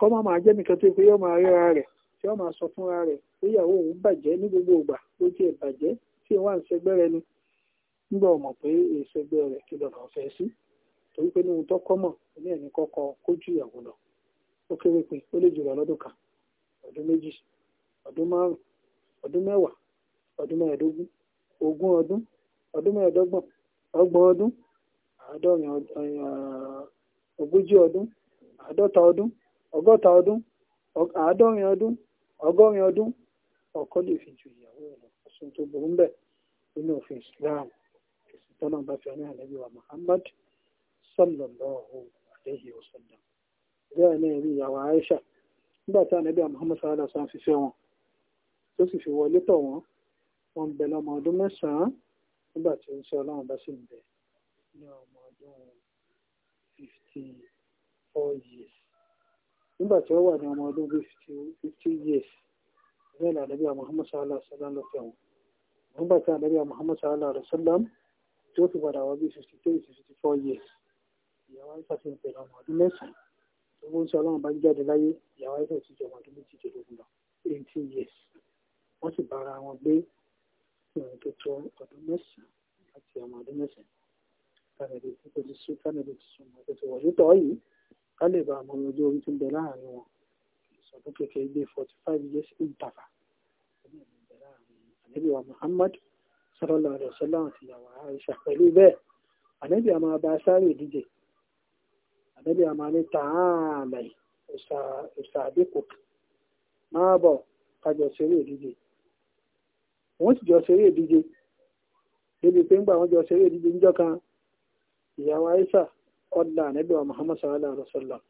Speaker 1: kọ́ máa máa jẹ́ nìkan tó pé yóò máa ríra rẹ̀ tí yóò máa sọ fúnra rẹ̀ pé ìyàwó òun bàjẹ́ ní gbogbo ìgbà ó bàjẹ́ tí wọ́n ń rẹ ni nígbà ọmọ pé ìṣẹgbẹ́ rẹ̀ kí lọ́nà ọ̀fẹ́ sí torí pé mọ̀ ní ẹ̀mí kọ́kọ́ kó ju ìyàwó lọ ó kéré pin ó lè ọgọ́ta ọdún àádọ́rin ọdún ọgọ́rin ọdún ọkọ lè fi ju ìyàwó ẹ̀ lọ ọ̀sùn tó burú bẹ́ẹ̀ nínú òfin Islam èsì tọ́nà bá fi ọ̀nà àlẹ́bí wa Muhammad sallallahu alayhi wa sallam bẹ́ẹ̀ náà rí ìyàwó Aisha nígbà tí àlẹ́bí wa Muhammad sallallahu alayhi sallam fi fẹ́ wọn tó sì fi wọlé tọ̀ wọ́n wọn ń lọ́mọ ọdún mẹ́sàn-án nígbà tí ń sọ ọlọ́run bá sì ń bẹ ní ọmọ ọdún fifty four years nígbà tí ó wà ní ọmọ ọdún bíi fifty years ní ìlànà bí i Muhammad sallallahu alaihi wa sallam lọ tẹ̀wọ̀n nígbà tí ànábì Muhammad sallallahu alaihi wa sallam tí ó fi padà wá bíi fifty three to fifty four years ìyàwó àìsà ti ń pè lọ́mọ ọdún mẹ́sàn-án tó bó ń sọ ọlọ́run bá ń jáde láyé ìyàwó àìsà ti jẹ ọmọ ọdún méjìdínlógún lọ eighteen years wọ́n sì bára wọn gbé ìrìn tó tó ọdún mẹ́sàn-án àti ọmọ ọdún mẹ́sàn-án kánẹ̀dẹ̀ tó ti sún kánẹ̀dẹ̀ ti sún mọ́ tó ti wọ̀ ká lè bá àwọn ọjọ́ orí tó ń bẹ láàrin wọn ìsọdún kékeré gbé forty five years in ìgbàfà ànábì wa Muhammad sallallahu alaihi wasallam àti ìyàwó Aisha pẹ̀lú bẹ́ẹ̀ ànábì àmọ́ abá sáré ìdíje ànábì àmọ́ ní tààmì ìsàdínkù máa bọ̀ kájọ ṣeré ìdíje wọ́n sì jọ ṣeré ìdíje débi pé ńgbà wọ́n jọ ṣeré ìdíje níjọ́ kan ìyàwó Aisha ọ̀dà ànábì wa Muhammad sallallahu alaihi wa sallam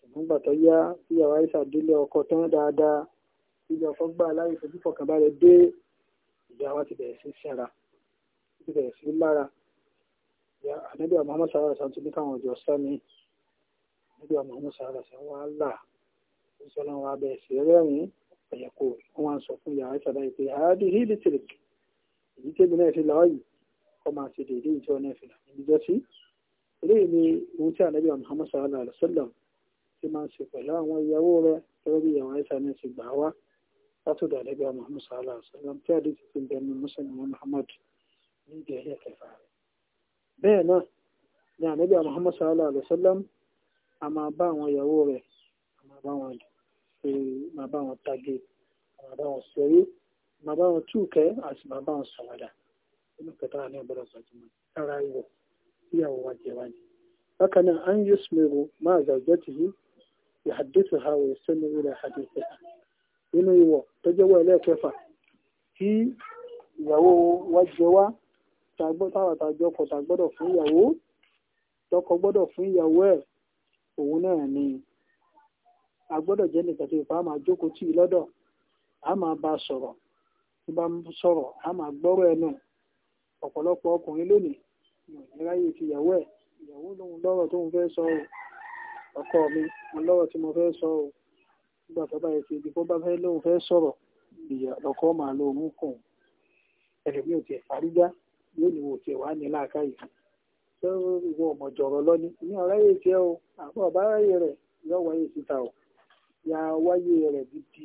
Speaker 1: ṣùgbọ́n gbà tó yá ìyàwó àìsà délé ọkọ tán dáadáa ìjà ọkọ gbà láyé fojú fọkànbalẹ̀ dé ìjà wa ti bẹ̀rẹ̀ sí sára ti bẹ̀rẹ̀ sí lára ànábì wa Muhammad sallallahu alaihi wa sallam ti ní káwọn ọjọ́ sami ànábì wa Muhammad sallallahu alaihi wa sallam wà á là ìṣọ́nà wa bẹ̀rẹ̀ sí rẹ́rìn ẹ̀yẹ̀kọ́ wọn sọ fún ìyàwó àìsà báyìí pé àádìí hílítìrì èyí tẹ́bi náà fi lọ́ọ́ yìí kọ́ máa ṣe déédéé ìjọ náà fi là eléyìí ni ohun tí ànábì Muhammad sallallahu alaihi wa sallam ti máa ń ṣe pẹ̀lú àwọn ìyàwó rẹ̀ gẹ́gẹ́ bí àwọn ẹ̀sà ní ti gbà wá látọ̀dọ̀ ànábì Muhammad sallallahu alaihi wa sallam tí àdé ti fi ń bẹnu mùsùlùmí Muhammad ní ìdí ẹ̀yẹ kẹfà rẹ̀ bẹ́ẹ̀ náà ni ànábì Muhammad sallallahu alaihi wa sallam a máa bá àwọn ìyàwó rẹ̀ a máa bá wọn ṣe máa bá wọn tagi a máa bá wọn ṣeré máa bá wọn túkẹ́ àti máa bá wọn sọ̀rọ̀ inú kẹta ní ọgbọ́dọ̀ ìyàwó wa jẹ wá ni bákan náà an yusmiru máa zawjatihi yuhaddithuha wa yastami'u ila hadithiha nínú ìwọ̀ tó jẹ́wọ́ ẹlẹ́ẹ̀kẹfà tí ìyàwó wa jẹ wá tàgbọ́tàwàtàjọ kọ̀ tàgbọ́dọ̀ fún ìyàwó tọkọ gbọ́dọ̀ fún ìyàwó ẹ̀ òun náà ni a gbọ́dọ̀ jẹ́ nìkan tó ìfà máa jókòó tì í lọ́dọ̀ a máa bá a sọ̀rọ̀ tí bá ń sọ̀rọ̀ a máa gbọ́rọ̀ ẹnu ọ̀pọ̀lọpọ̀ ọkùnrin lónìí ráyè ti ìyàwó ẹ̀ ìyàwó lòun lọ́rọ̀ tóun fẹ́ sọ ọ́ ọkọ mi mo lọ́rọ̀ tí mo fẹ́ sọ ọ́ nígbà tó bá yẹ ti ibi bá fẹ́ lóun fẹ́ sọ̀rọ̀ ìyà lọ́kọ́ máa lo òun ẹ̀rẹ̀ mi ò tiẹ̀ fárígá yóò ní wò tiẹ̀ wá ní ṣé ìwọ ní ọ̀ráyè o àbọ̀ ọ̀báráyè rẹ̀ wáyé síta ya wáyé dídí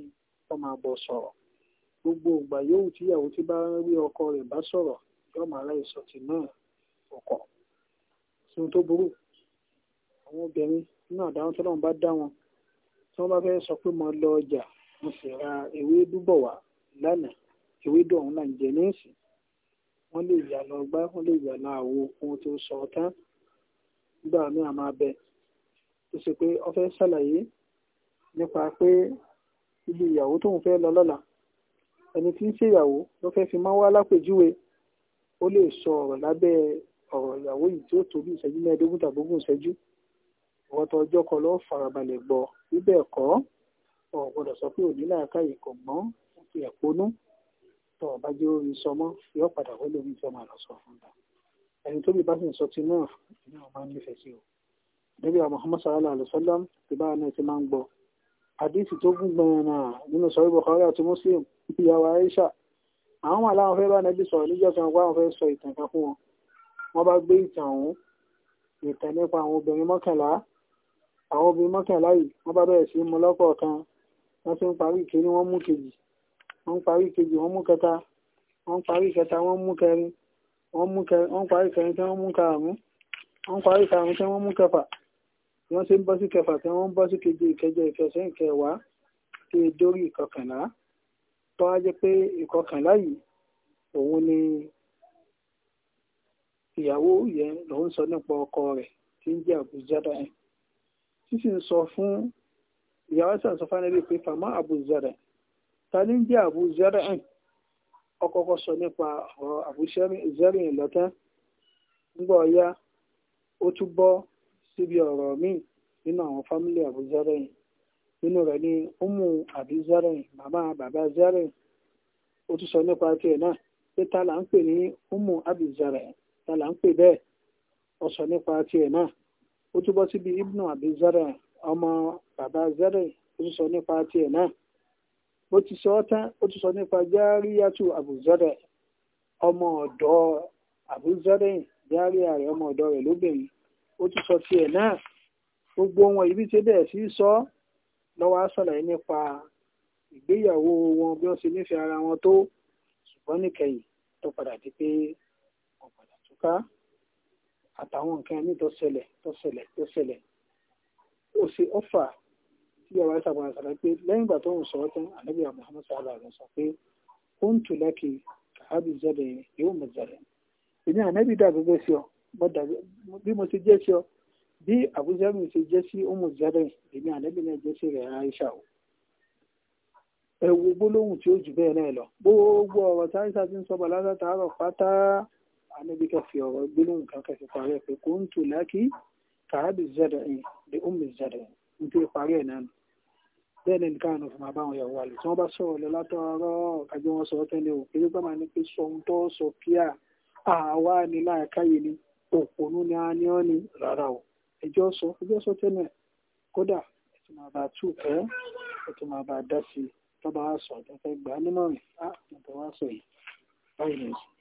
Speaker 1: ọmọ àbọ̀ sọ̀rọ̀ gbogbo ìgbà tíyàwó ọkọ bá sọ̀rọ̀ ọkọ sun tó burú àwọn obìnrin nínú àdáwọn tó lọ́wọ́n bá dá wọn tí wọ́n bá fẹ́ sọ pé mo lọ ọjà mo sì ra ewédú bọ̀ wá lánàá ewédú ọ̀hún là ń jẹ níìsín wọ́n lè yà lọ gbá wọ́n lè yà lọ àwo ohun tó sọ tán nígbà míì a máa bẹ tó ṣe pé ó fẹ́ ṣàlàyé nípa pé ibi ìyàwó tóun fẹ́ lọ lọ́la ẹni tí ń ṣèyàwó ló fẹ́ fi máa wá lápèjúwe ó lè sọ ọ̀rọ̀ lábẹ́ ọ̀rọ̀ ìyàwó yìí tí ó tóbi ìṣẹ́jú mẹ́ẹ̀ẹ́dógún tàbógún ìṣẹ́jú ìwọ́n tó ọjọ́ kan lọ́ọ́ farabalẹ̀ gbọ́ bíbẹ̀ ẹ̀kọ́ ọ̀ gbọ́dọ̀ sọ pé òní láàká yìí kò gbọ́n ó fi ẹ̀pónú tó ọba jẹ́ orin sọmọ́ yóò padà wọ́n lórí tí ọmọ àlọ́sọ fún ta ẹni tó bá sì ń sọ ti náà náà máa nífẹ̀ẹ́ sí o níbi àwọn Muhammad sallallahu alayhi wa sallam ti bá náà ti máa ń gbọ́ àdìsí tó gún gbọ̀n náà nínú sọ̀rọ̀ Bukhari àti Muslim ìyàwó Aisha àwọn aláwọn fẹ́ bá nàbí sọ̀rọ̀ níjọ́ kan wọ́n fẹ́ sọ ìtàn kan fún wọn wọ́n bá gbé ìtàn ọ̀hún ìtàn nípa àwọn obìnrin mọ́kànlá àwọn obìnrin mọ́kànlá yìí wọ́n bá bẹ̀rẹ̀ sí mú lọ́kọ̀ọ̀kan wọ́n ti ń parí ìkíní wọ́n mú kejì wọ́n ń parí kejì wọ́n mú kẹta wọ́n ń parí kẹta wọ́n mú kẹrin wọ́n mú kẹrin wọ́n ń parí kẹrin tí wọ́n mú karùn-ún wọ́n ń parí karùn-ún tí wọ́n mú kẹfà bí wọ́n ṣe ń bọ́ sí kẹfà tí wọ́n ń bọ́ sí keje ìkẹjọ ìkẹsẹ̀ ìkẹwàá tí dórí ìkọkànlá tó wá jẹ́ pé ìkọkànlá yìí òun ni ìyàwó yẹn ló ń sọ nípa ọkọ rẹ̀ tí ń jẹ́ àbúzádà yẹn títí ń sọ fún ìyàwó sàn sọ fún ẹni pé fàmà ta ní ń yẹn sọ nípa ọ̀rọ̀ àbúzẹ́rìn ó tún síbi míì nínú àwọn yẹn nínú yẹn màmá bàbá ó tún sọ nípa náà pé ta là ń pè ní yẹn ta là ń pè bẹ́ẹ̀ ó sọ nípa tiẹ̀ náà ó túbọ̀ síbi ibnu abi zara ọmọ bàbá zara ó ti sọ nípa tiẹ̀ náà bó ti sọ ọ́ tán ó ti sọ nípa járíyàtú abu zara ọmọ ọ̀dọ́ abu zara járíyà rẹ̀ ọmọ ọ̀dọ́ rẹ̀ lóbìnrin ó ti sọ tiẹ̀ náà gbogbo wọn ibi tí bẹ́ẹ̀ sí sọ lọ́wọ́ sọ̀rọ̀ nípa ìgbéyàwó wọn bí wọ́n ṣe nífẹ̀ẹ́ ara wọn tó ṣùgbọ́n níkẹyìn tó padà di pé òrùka àtàwọn nǹkan ẹni tó ṣẹlẹ̀ tó ṣẹlẹ̀ tó ṣẹlẹ̀ ó ṣe ọfà tí yàrá ìṣàgbọ̀n àṣàlẹ̀ pé lẹ́yìn ìgbà tó ń sọ tán ànábì Muhammad sallallahu alaihi wasallam pé ó ń tù lákì àbí zẹlẹ̀ yóò mọ̀ zẹlẹ̀ èmi ànábì dàbí bẹ́ẹ̀ sí ọ bí mo ṣe jẹ́ sí ọ bí àbújá mi ṣe jẹ́ sí ọmọ zẹlẹ̀ èmi ànábì náà jẹ́ sí rẹ̀ Aisha o ẹ gbólóhùn tí ó jù bẹ́ẹ̀ náà lọ gbogbo ọ̀rọ̀ táyísà ti ń sọ bàlá anábíkà fi ọ̀rọ̀ gbólóhùn kan kẹsì parí ẹ̀ pé kò ń tò lákì kàábì zẹ́dà ẹ̀ the home is zẹ́dà ẹ̀ ń pè parí ẹ̀ náà bẹ́ẹ̀ ni nìkan àná fún àbáwọn ìyàwó àlè tí wọ́n bá sọ̀rọ̀ lọ látọ̀rọ̀ àbí wọ́n sọ tẹ́lẹ̀ ò pé bá máa ní pé sọ ohun tó sọ píà àwa ni láàkáyè ni òpònú ni ní ọ́ ni rárá o ẹjọ́ sọ ẹjọ́ sọ tẹ́lẹ̀ kódà ẹ̀tún máa bá tù pẹ́ ẹ̀tún máa bá dá sí i tọ́ba wa sọ ọ̀dọ́ fẹ́ gbà á nímọ̀ràn á nípa wa sọ yìí báyìí nìyí.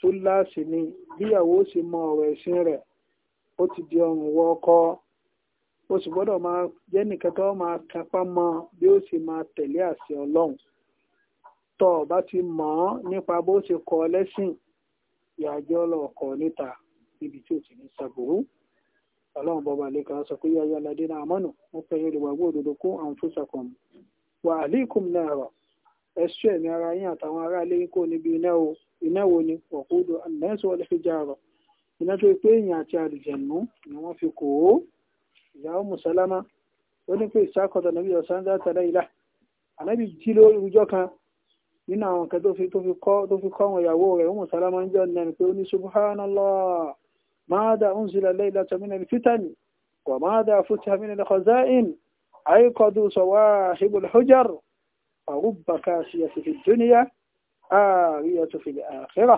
Speaker 1: tó láàṣì ni bíyàwó ó sì mọ ọ̀rọ̀ ẹ̀sìn rẹ̀ ó ti di ọrùn wọ ọkọ ó sì gbọ́dọ̀ máa jẹ́ nìkan tó máa kápá mọ́ bí ó sì máa tẹ̀lé àṣẹ ọlọ́run tó o bá ti mọ̀ ọ́ nípa bó ṣe kọ́ lẹ́sìn ìyàjọ́ ọlọ́ọ̀kọ́ níta níbi tí ò ti ní ṣàbùrú ọlọ́run bọba lè kan sọ pé yáyá ládé náà mọ́nà wọ́n fẹ́ yẹ́ lè wà gbọ́dọ̀ kó àwọn tó ṣàkọ̀mù wà àlékùn rọ̀ ẹ̀ṣọ́ ẹ̀mí ara yín àtàwọn ará ilé yín kó níbi iná o iná wo ni ọ̀kúdù àlẹ́sọ̀ wọlé fi jàrọ iná tó pé èèyàn àti àlùjẹ̀nù ni wọ́n fi kó o ìyàwó mùsálámà ó ní pé ìsákọ̀tà nàbí ọ̀sán dátàlá ìlà ànábì jí lórí ọjọ́ kan nínú àwọn nǹkan tó fi kọ́ àwọn ìyàwó rẹ̀ mùsálámà ń jọ nẹni pé ó ní subhanallah ماذا أنزل ليلة من الفتن وماذا فتح من الخزائن أيقظوا صواحب الحجر àrùbà káàṣíyà sí fi dúníyà àríyà tó fi àkhírà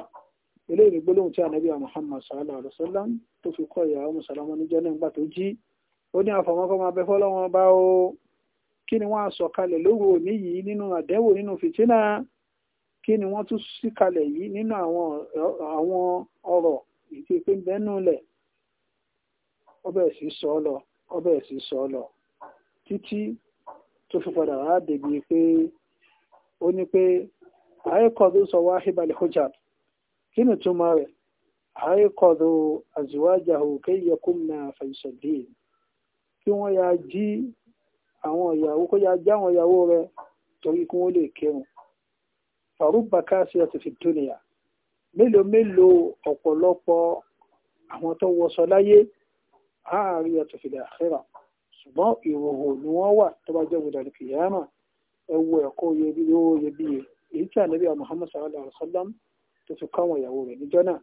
Speaker 1: ilé ìrìgbólóhùn tí ànábì Muhammad sallallahu alaihi wasallam tó fi kọ́ ìyàwó mùsàlámà níjọ́ náà nígbà tó jí ó ní àfọmọ́kọ́ máa bẹ fọ́lọ́wọ́n bá o kí ni wọ́n sọ kalẹ̀ lóru òní yìí nínú àdẹ́wò nínú fìtínà kí ni wọ́n tún sí kalẹ̀ yìí nínú àwọn ọ̀rọ̀ ìfi pé lẹ̀ ọbẹ̀ sí sọ lọ títí tó fi padà wá débi pé ó ní pé àìkọ̀dù sọ̀wọ́ àhíbalẹ̀ hujab kí ni túmọ̀ rẹ̀ àìkọ̀dù àzíwájàhù kéyẹkùnà fẹ̀yìṣẹ̀dín kí wọ́n ya jí àwọn ìyàwó kó ya já àwọn ìyàwó rẹ̀ torí kí wọ́n lè kírun faruba káàsì àti fìdúnìyà mélòó mélòó ọ̀pọ̀lọpọ̀ àwọn tó wọṣọ láyé àárín àti fìdà àkhírà ṣùgbọ́n ìhòhò ni wọ́n wà tó bá jẹ́ òdàlùkìyàmà ẹ wo ẹ̀kọ́ owó iyebíye èyí tí ànábì Muhammad sallallahu alaihi wa sallam tó fi kọ́ àwọn ìyàwó rẹ̀ níjọ́ náà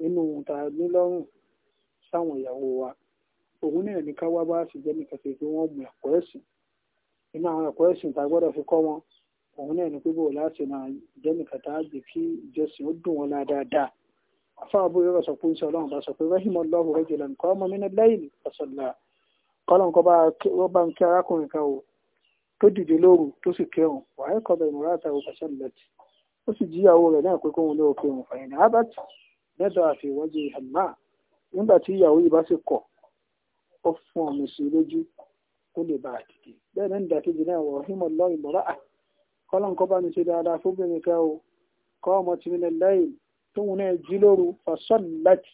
Speaker 1: nínú ohun tá a ní lọ́rùn sáwọn ìyàwó wa òun náà ní ká wá bá sì jẹ́ nìkan ṣe wọ́n mú ẹ̀kọ́ ẹ̀sìn nínú àwọn ẹ̀kọ́ ẹ̀sìn tá a gbọ́dọ̀ fi kọ́ wọn òun náà ní pípò láti máa jẹ́ nìkan tá kí ìjọsìn ó dùn wọn dáadáa afa abu yọrọ sọ pé ń sọ ọlọ́run bá sọ pé rahimu allahu rajulan qama min al-layli fasalla kọ́lọ́n kọ́ bá ń kí tó dìde lóru tó sì kírun wàhálà kọ́ bẹ̀rẹ̀ mọ́ra àtàwọn pàṣẹ lẹ́tì ó sì jíyàwó rẹ̀ náà pé kóun lóò kírun fàyìn albert lẹ́dọ̀ àfihànjú hàmà nígbà tí ìyàwó yìí bá sì kọ̀ ó fún ọmọ sí lójú kó lè bá àdìdì bẹ́ẹ̀ náà ìdàkejì náà wọ̀ ọ́hìnmọ̀ lọ ìmọ̀ra à kọ́lọ́n kọ́ bá mi ṣe dáadáa fóbìnrin kẹ́ o kọ́ ọmọ tìmílẹ̀ lẹ́yìn tóun náà jí lóru fàṣọ́ọ̀lẹ́tì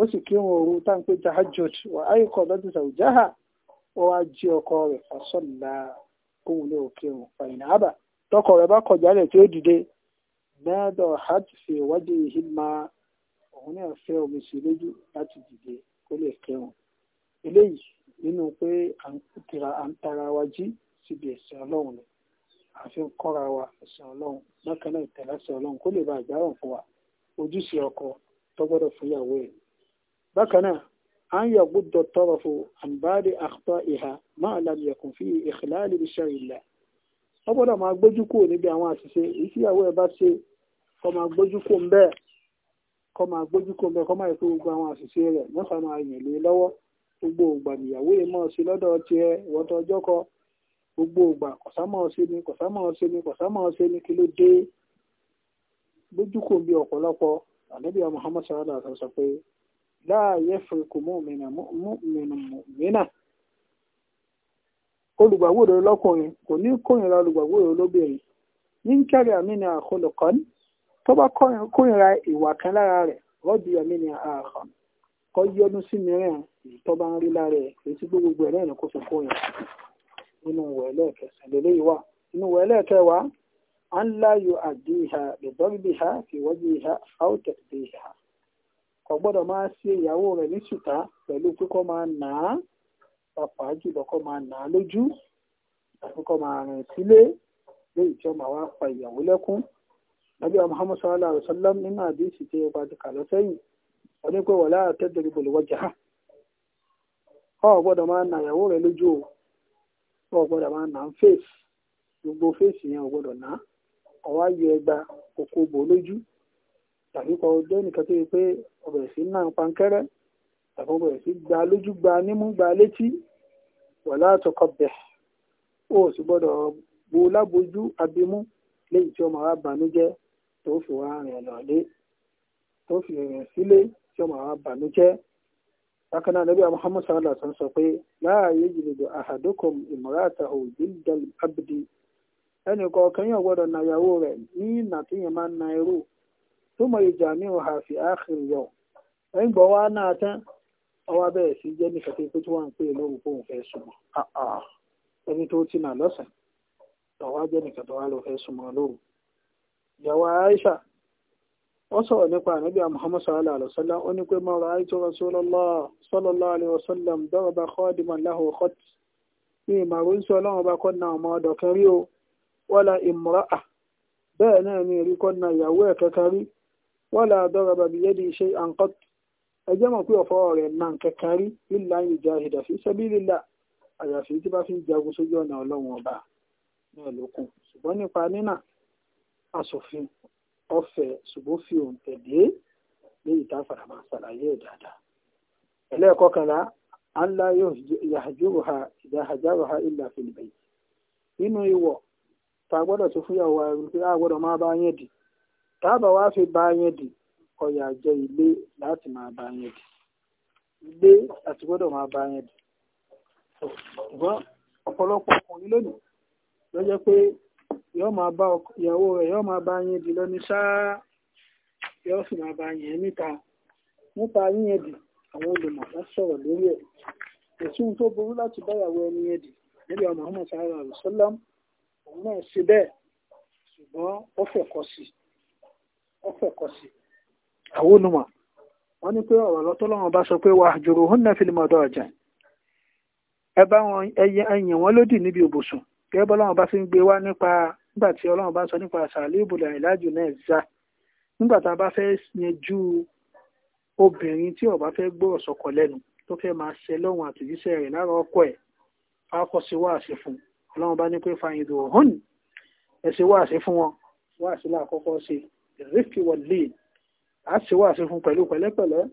Speaker 1: ó sì kírun òru táwọn jahajot wà áyíkọ̀ lọ́dún kóhun lè kírun fàyìnà àbà tọkọ rẹ̀ bá kọjá rẹ̀ tí ó dìde na hajjfi ìwádìí ìhìnmá òun náà fẹ́ omi sí lójú láti dìde kó lè eléyìí nínú pé à ń tara wa jí síbi ẹ̀sìn ọlọ́run ni àfi kọ́ra wa ẹ̀sìn ọlọ́run náà ọlọ́run kó lè fún wa ojúṣe ọkọ ẹ̀ bákan náà أن يغض الطرف عن بعض أخطائها ما لم يكن فيه إخلال بشرع الله ó gbọ́dọ̀ máa gbójú kúrò níbi àwọn àṣìṣe èyí tí ìyàwó ẹ̀ bá ṣe kó máa gbójú kúrò ń bẹ́ẹ̀ kó máa gbójú kúrò ń bẹ́ẹ̀ kó máa yẹ kó gbogbo àwọn àṣìṣe rẹ̀ mẹ́fà máa yàn lé e lọ́wọ́ gbogbo ògbà nìyàwó yìí máa ṣe lọ́dọ̀ tiẹ̀ ìwọ́tọ̀ ọjọ́ kọ gbogbo ògbà kọ̀sá máa ṣe ni kọ̀sá máa ṣe ni kọ̀sá máa ṣe ni kí ló dé gbójú kúrò bí ọ̀pọ̀lọpọ̀ Muhammad sallallahu alaihi wa la yafriqu mu'minun mu'minun mu'minan olùgbàwòrán lọ́kùnrin kò ní kórìíra olùgbàwòrán lóbìnrin ní kẹrì àmìnà àkọlùkọ́ni tó bá kórìíra ìwà kan lára rẹ̀ rọ́bì àmìnà àkọ́n kọ́ yọnu sí mìíràn èyí tó bá ń rí lára ẹ̀ ètí gbogbo ẹ̀ náà kó fi kórìíra nínú ìwà ẹlẹ́ẹ̀kẹsàn lélẹ́ ìwà nínú ìwà ẹlẹ́ẹ̀kẹwàá an la yu'addiha bi darbiha fi wajhiha aw kò gbọ́dọ̀ máa ṣe ìyàwó rẹ̀ ní ṣùtá pẹ̀lú pé kó máa nà á pàápàá jùlọ kó máa nà á lójú àti kó máa rìn sílé léyìí tí ó máa wá pa ìyàwó lẹ́kún nàbí Muhammad sallallahu alaihi wa sallam nínú àdéhìsì tí ó bá ti kà lọ sẹ́yìn wọ́n ní pé wala tadribul wajha ọ gbọ́dọ̀ máa nà ìyàwó rẹ̀ lójú o ọ gbọ́dọ̀ máa nà ń fèsì gbogbo fèsì yẹn ọ gbọ́dọ̀ nà ọwọ́ ayé ẹgba kókó bò lójú tàbí kọ ọjọ́ nìkan tó yẹ pé ọbẹ̀ sí náà pankẹ́rẹ́ tàbí ọbẹ̀ sí gba lójú gba nímú gba létí wà látọkọ bẹ̀ ó sì gbọ́dọ̀ bo lábojú abimú léyìí tí ọmọ wa bànújẹ́ tó fi wá rìn tó fi rìn sílé tí ọmọ wa bànújẹ́ bákan náà sallallahu alaihi sọ pé láàyè jìnnìjọ ẹnì kọ̀ọ̀kan na ìyàwó ثم يجامعها في آخر اليوم ẹ̀yìn gbọ́ wá náà tán ọwá bẹ̀rẹ̀ sí jẹ́ nìkan tí tó wà ń pè lóru fóun fẹ́ súnmọ́ ah, ah. ẹni tó ti nà lọ́sàn ọwá jẹ́ nìkan tó wá lọ fẹ́ súnmọ́ lóru ìyàwó Aisha ó sọ̀rọ̀ nípa ànábì Muhammad sallallahu alaihi wasallam ó ní pé mọ́ ra àìtó Rasulullah sallallahu alaihi wasallam daraba khadiman lahu khat ní ìmọ̀rún sí ọlọ́run ọba kọ́ na ọmọ ọdọ̀ kan rí o wala imra'a bẹ́ẹ̀ náà ní ìrí kọ́ na ìyàwó ẹ̀ kankan rí wọ́lá dọ́rọ̀bà bí yẹ́dì iṣẹ́ àǹkọ́t ẹjẹ́ mọ̀ pé ọ̀fọ́ rẹ̀ nà kẹkàn rí lílà ń jà ìdà fi sẹ́bí lílà àyàfi tí bá fi ń jagun sójú ọ̀nà ọlọ́run ọba náà ló kù ṣùgbọ́n nípa nínà asòfin ọ̀fẹ́ ṣùgbọ́n fi òǹtẹ̀ dé léyìí tá a fara máa ṣàlàyé ẹ̀ dáadáa ẹlẹ́ẹ̀kọkànlá anla yàjúrò ha ìdáhàjárò ha ìlà fìlìbẹ̀yì nínú ìwọ̀ tá gbọ́dọ̀ tó fúyàwó àrùn pé a gbọ́dọ̀ máa bá yẹn dì táàbà wá fi bá yẹn dì ọyà jẹ ilé láti máa bá yẹn dì ilé àti gbọ́dọ̀ máa bá yẹn dì ṣùgbọ́n ọ̀pọ̀lọpọ̀ ọkùnrin lónìí ló jẹ́ pé yóò máa bá ìyàwó rẹ̀ yóò máa bá yẹn dì lọ́ní sáá yóò sì máa bá yẹn níta nípa yíyẹn dì àwọn olùmọ̀ wọ́n sọ̀rọ̀ lórí ẹ̀ tó láti ẹni yẹn níbi ọmọ ọmọ òun náà ṣe ó fẹ̀kọ́ sí àwọn onímọ̀ wọ́n ní pé ọ̀rọ̀ lọ́tọ́lọ́wọ́n bá sọ pé wahjuruhunna fil madaja ẹ bá wọn ẹyìn wọn lódì níbi òbòsùn gẹ́gẹ́ bọ́lọ́wọ́n bá fi ń gbé wá nípa nígbà tí ọlọ́run bá sọ nípa sàlébùlà ìlàjù náà zá nígbà tá a bá fẹ́ yanjú obìnrin tí ó bá fẹ́ gbọ́rọ̀ sọkọ lẹ́nu wọn wáàsí láàkọ́kọ́ sí i rifki wọ̀lì a ṣe wà fífún pẹ̀lú pẹ̀lẹ́pẹ̀lẹ́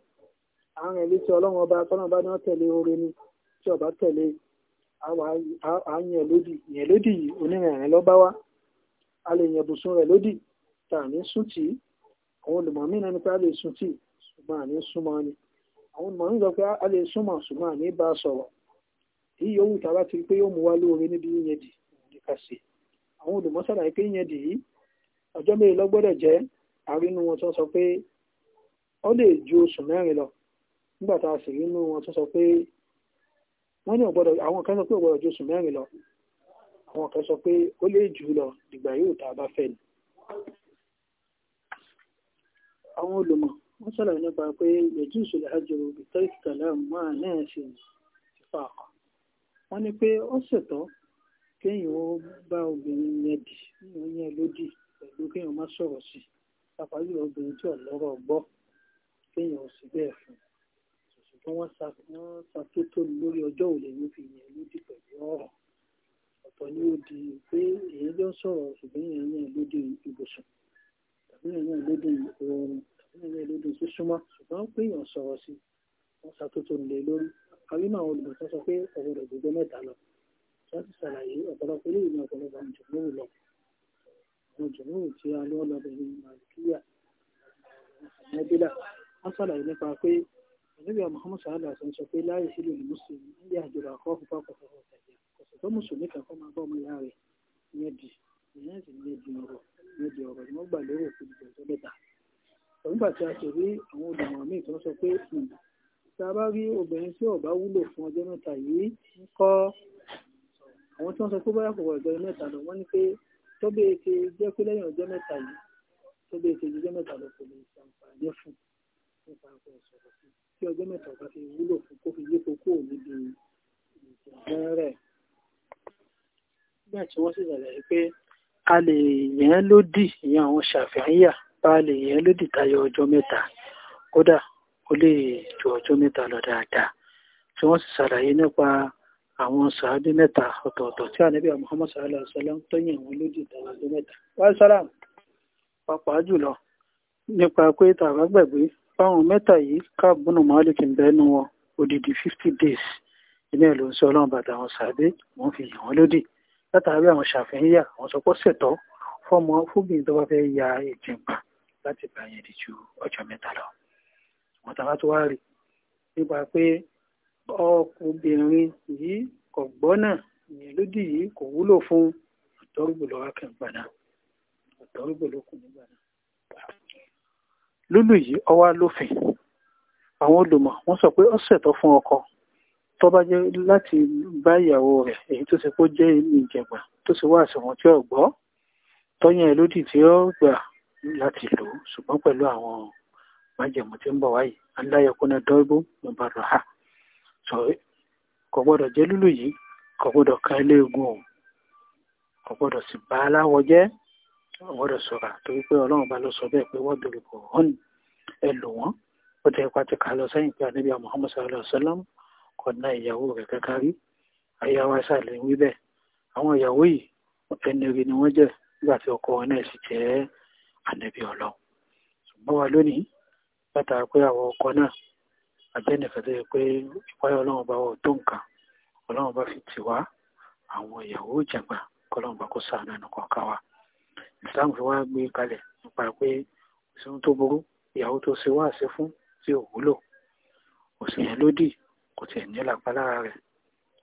Speaker 1: àwọn tí ọlọ́run ọba tọ́nà bá tẹ̀lé oore ni tí ọba tẹ̀lé àwọn yẹn lódì yìí onírìnrìn lọ́bá wá a lè yẹn bùsùn rẹ̀ lódì tá à ní sùn a lè sùn tì í ṣùgbọ́n à ní ni àwọn a lè ṣùgbọ́n à ní bá a sọ̀rọ̀ bá ti rí pé yóò mú wá lóore níbi yíyẹn dì ní pé yíyẹn dì ọjọ́ mẹ́rin ló gbọ́dọ̀ jẹ́ àrínú wọn tó sọ pé ó lè ju oṣù mẹ́rin lọ nígbà tá a sì rínú wọn tó sọ pé wọ́n ní ọ̀gbọ́dọ̀ àwọn kan sọ pé ọ̀gbọ́dọ̀ ju oṣù mẹ́rin lọ àwọn kan sọ pé ó lè jù lọ ìgbà yóò tá a bá fẹ́ ni. àwọn olùmọ̀ wọ́n sọ̀rọ̀ nípa pé yẹjú ìṣòlẹ̀ àjòrò bìtọ́ ìkàlẹ̀ máa náà ṣe ìfà kan wọ́n ní pé ó ṣètọ́ kéèyàn bá obìnrin yẹn dì yẹn lódì pẹ̀lú kéèyàn má sọ̀rọ̀ sí pàápàá obìnrin tí ọ̀lọ́rọ̀ gbọ́ kéèyàn ò sí bẹ́ẹ̀ fún ṣùgbọ́n wọ́n ṣàtótó lórí ọjọ́ òlè ní fi yẹn lódì pẹ̀lú ọ̀rọ̀ ọ̀tọ̀ ni ó di pé èyí ló sọ̀rọ̀ ṣùgbọ́n èèyàn náà lódì ibùsùn tàbí èèyàn náà lódì oorun tàbí èèyàn náà lódì sísúnmọ́ ṣùgbọ́n pé sọ̀rọ̀ sí wọ́n ṣàtótó lè lórí àrímọ̀ àwọn olùgbọ̀nsán sọ pé ọ̀gbọ̀dọ̀ gbogbo mẹ́ta lọ wọ́n ti ṣàlàyé ọ̀pọ̀lọpọ̀ eléyìí ní ọ̀pọ̀lọpọ̀ àjùmọ̀ lọ òjòwò tí a lọ́ lọ́bẹ̀rẹ̀ màlìkíyà nẹ́bílà wọ́n sàlàyé nípa pé ànábì Muhammad sallallahu alaihi wasallam sọ pé láyé sílùú ní mùsùlùmí ń yà jọba kọ́ fún pápá fún ọ̀sẹ̀ kò sì tó mùsùlùmí kan fún máa bọ́ ọmọ ìyá rẹ̀ ìyẹn di ìyẹn sì ní ẹ̀dì ọ̀rọ̀ ní ẹ̀dì ọ̀rọ̀ ni wọ́n gbà lérò pé ìgbà tó lẹ́ta nígbà tí a sì rí àwọn olùmọ̀ míì tó sọ pé tá a bá rí obìnrin tí ó bá wúlò fún ọjọ́ mẹ́ta yìí ń kọ́ àwọn tí wọ́n sọ pé bóyá kò wọ ìjọ mẹ́ta lọ wọ́n ní pé tó bẹ́ẹ̀ ṣe jẹ́ pé lẹ́yìn ọjọ́ mẹ́ta yìí tó bẹ́ẹ̀ ṣe ọjọ́ mẹ́ta lọ kò lè ṣàǹfààní fún nípa ọkọ̀ sọ̀rọ̀ sí kí ọjọ́ mẹ́ta ọba fi wúlò fún kó fi yípo kúrò níbi ìjọ̀gbọ́n rẹ̀. nígbà tí wọ́n sì ṣàlàyé pé a lè yẹn lódì ìyẹn àwọn ṣàfihànyà bá a lè yẹn lódì tayọ ọjọ́ mẹ́ta kódà ó lè ju ọjọ́ mẹ́ta lọ dáadáa tí wọ́n sì ṣàlàyé nípa àwọn sàádé mẹ́ta ọ̀tọ̀ọ̀tọ̀ tí ànábì Muhammad sallallahu alaihi wasallam tó yìn àwọn lójú ìtàwádé mẹ́ta wáyé sálàm pàápàá jùlọ nípa pé tààrà gbàgbé fáwọn mẹ́ta yìí káàbùnù Malik ń bẹ́nu wọn odidi fifty days ilé ẹ̀ ló ń sọ ọlọ́run bàtà àwọn sàádé wọ́n fi yìn wọ́n lódì látàrí àwọn ṣàfihàn àwọn sọpọ́ ṣètọ́ fọmọ fúnbìn tó bá fẹ́ ya ìjìnbà láti bàyẹn di ju ọjọ́ mẹ́ta lọ wọn tàbá tó wá rí nípa pé ọkùnrin yìí kò gbọ́nà ìyẹlódì yìí kò wúlò fún ọ̀tọ́rùgbò lọ́wọ́ kan gbàdá ọ̀tọ́rùgbò ló kù nígbà náà. lúlù yìí ọwá lófin àwọn olùmọ̀ wọ́n sọ pé ọ̀sẹ̀ tó fún ọkọ tó bá jẹ́ láti bá ìyàwó rẹ̀ èyí tó ṣe kó jẹ́ ìjẹ̀gbà tó ṣe wá àṣẹwọ̀n tí ò gbọ́ tọ́yìn ẹ̀ tí ó gbà láti lò ṣùgbọ́n pẹ̀lú àwọn májẹ̀mú tí ń bọ̀ wáyé aláyẹ̀kúnná dọ́gbó ló bá rọ̀ tọ́ẹ́ kò gbọ́dọ̀ jẹ́ lúlù yìí kò gbọ́dọ̀ kan eléegun o kò gbọ́dọ̀ sì bá aláwọ̀ jẹ́ kò gbọ́dọ̀ sọ̀rọ̀ torí pé ọlọ́run bá lọ sọ bẹ́ẹ̀ pé wọ́n bèrè bọ̀ hàn ẹ lò wọ́n ó tẹ́ ipa ti kà lọ sẹ́yìn pé ànábì Muhammad sallallahu alaihi wasallam kò ná ìyàwó rẹ̀ kankan rí àyàwó àṣàlẹ̀ wí bẹ́ẹ̀ àwọn ìyàwó yìí ẹni rí ni wọ́n jẹ́ nígbà tí ọkọ wọn náà sì jẹ́ ànábì ọlọ́run ṣùgbọ́n wa lónìí látàrí pé àwọn ọkọ náà ajẹ́nìkan tó yẹ pé ìpáyọ̀ ọlọ́run bá wọ̀ tó nǹkan ọlọ́run bá fi tì wá àwọn ìyàwó ìjàgbà kọlọ́run bá kó sàánú ẹnu kọ̀ọ̀kan wa ìsáhùn fi wá gbé kalẹ̀ nípa pé òṣèlú tó burú ìyàwó tó ṣe wá ṣe fún tí ò wúlò òṣèyàn lódì kò tiẹ̀ ní lápá rẹ̀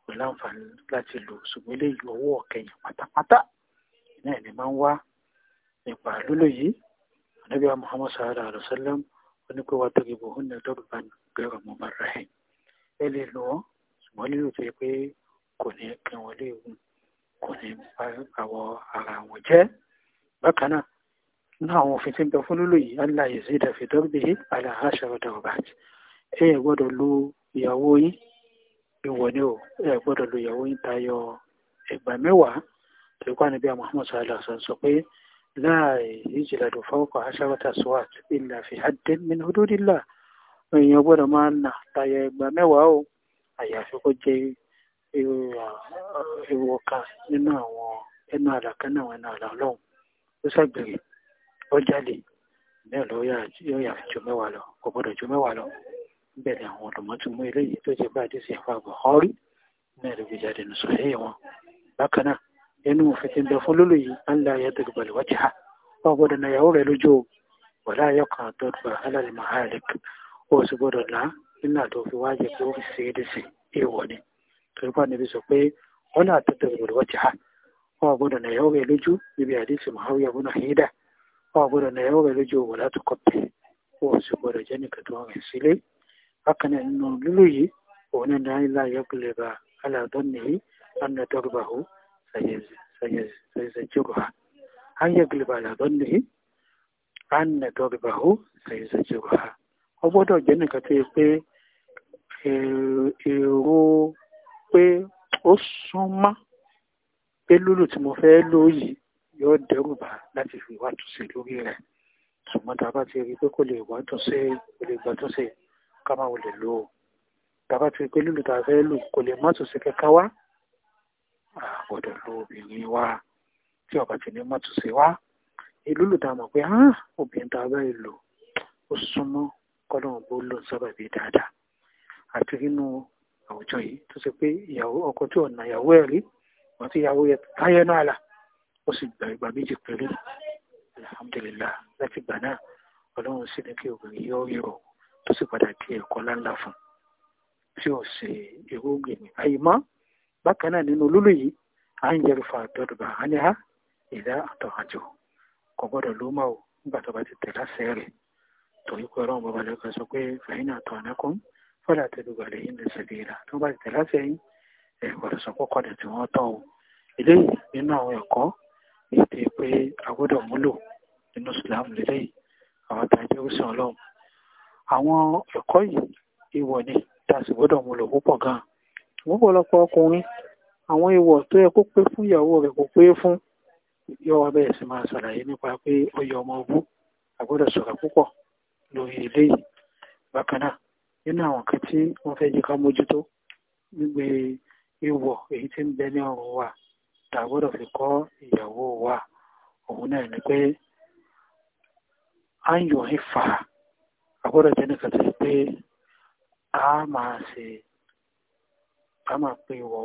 Speaker 1: pẹ̀lú àǹfààní láti lò ṣùgbọ́n eléyìí owó ọ̀kẹyìn pátápátá iná ẹ̀ máa ń wá nípa lólò yìí ànábì wa Muhammad sallallahu alaihi wa sallam ó ní pé wàá tó gbogbo òun ní ẹ̀dọ́gbọ̀n gbẹrọ mọ bàrà ẹ ẹ lè lò wọn ṣùgbọ́n lílo tó yẹ pé kò ní pín wọn léegun kò ní àwọ ara wọn jẹ bákan náà nínú àwọn òfin tí ń bẹ fún lílo yìí allah yezid àfidọ́gbé aláhàṣà ọ̀dà ọ̀bà ẹ ẹ gbọ́dọ̀ lo ìyàwó yín ìwọ o ẹ gbọ́dọ̀ lo ìyàwó yín tayọ ẹgbà mẹ́wàá tó kọ́ níbi Muhammad sallallahu sọ pé láàyè ìjìlá lò fọwọ́kọ̀ aṣáwọ́ta swat illa fi haddin min hududillah èèyàn gbọ́dọ̀ máa nà tayọ ẹgbà mẹ́wàá o àyàfi kó jẹ́ ìwọ kan nínú àwọn ẹnu àlà kan náà ẹnu àlà ọlọ́run ó ṣàgbèrè ó jáde bẹ́ẹ̀ lọ yóò yà ju mẹ́wàá lọ kò gbọ́dọ̀ ju mẹ́wàá lọ bẹ́ẹ̀ ni àwọn ọ̀dọ́mọ́tòmọ́ eléyìí tó jẹ́ bá àdéṣe àfa àbọ̀họ́rí náà ló fi jáde nù sọ̀rọ̀ ẹ̀yẹ wọn bákan náà ẹnu òfin ti ń bẹ fún lólò á ń la ayé tó gbọ̀lẹ̀ wájà ọ gbọ́dọ̀ nàyàwó rẹ lójú o wọ́n láyọ̀ kan tó gbà o sì gbọ́dọ̀ lá nígbà tó fi wá jẹ pé ó fi ṣe é dìsìn èèwọ̀ ni torí pa níbi sọ pé wọn náà tẹ̀tẹ̀ gbọ́dọ̀ wọ́n jà wọn gbọ́dọ̀ nà ẹ̀yọ́ lójú níbi àdìsí màáwí àbúnà hídà wọn gbọ́dọ̀ nà ẹ̀yọ́ lójú òwò látọkọ̀ tẹ̀ o sì gbọ́dọ̀ jẹ́ nìkan tó rìn sílé bákan náà nínú lílù yìí òun náà ní láyé kulè bá aláàdọ́ nìyí lánàá dọ́gba bá ọ gbọ́dọ̀ jẹ́ nìkan tó yẹ pé èrò pé ó súnmọ́ pé lólù tí mo fẹ́ lò yìí yóò dẹ́rù bá láti fi wá túnṣe lórí rẹ̀ ṣùgbọ́n tá a bá ti rí i pé kò lè wá túnṣe kò lè gbà túnṣe ká máa wọlé lò ó tá a bá ti rí i pé lólù tá a fẹ́ lò kò lè má túnṣe kẹ̀kẹ́ wá àgbọ̀dọ̀ lo obìnrin wa tí ọba ti ní má túnṣe wá ìlú lù tá a mọ̀ pé obìnrin tá a bá lò ó súnmọ́ kọ́lọ́run bó lò sọ́bà bíi dáadáa àti nínú àwùjọ yìí tó ṣe pé ìyàwó ọkọ tí ọ̀nà ìyàwó ẹ̀ rí wọ́n ti ìyàwó yẹn náà là ó sì gba ìgbà méjì pẹ̀lú alhamdulillah láti gbà náà ọlọ́run sì ní kí obìnrin yọ yọ tó sì padà di ẹ̀kọ́ láńlá fún tí ó ṣe irú gbìmí àyìmọ́ bákan náà nínú olúlu yìí à ń yẹrù fa àdọ́dọ̀bà á ní á ìdá àtọ̀ àjò kò gbọ́dọ̀ ló máa ò nígbà tó bá ti tẹ̀ láṣẹ rẹ̀ torí pé ọlọ́run bàbá lẹ́kọ̀ọ́ sọ pé fàyínà tó ànákùn fọlá tẹlifà lẹ́yìn lè ṣe léèrà tó bá ti tẹ̀lá sẹ́yìn ẹ̀ gbọ́dọ̀ sọ pọ́kọ̀ dẹ̀ tí wọ́n tọ̀ o eléyìí nínú àwọn ẹ̀kọ́ ètè pé agbọ́dọ̀ múlò nínú sùlámù lélẹ́yìí àwọn tàjẹ́ ó sàn ọlọ́run àwọn ẹ̀kọ́ yìí ìwọ̀ ni tá eh, a sì gbọ́dọ̀ múlò púpọ̀ gan-an ọ̀pọ̀lọpọ̀ ọkùnrin àwọn ìwọ̀ tó yẹ kó pé fún ìyàwó rẹ̀ kò pé fún yọ wa bẹ́ẹ̀ sì máa ṣàlàyé nípa pé ó yọ ọmọ ọbú a sọ̀rọ̀ púpọ̀ lórí eléyìí bákan náà nínú àwọn kan tí wọ́n fẹ́ jẹ́ ká mójútó gbígbé ìwọ̀ èyí tí ń bẹ ní ọrùn wa tá a fi kọ́ ìyàwó wa òun náà ni pé a ń yọ̀ ń fà a gbọ́dọ̀ jẹ́ nìkan tó pé a máa ṣe a máa pe ìwọ̀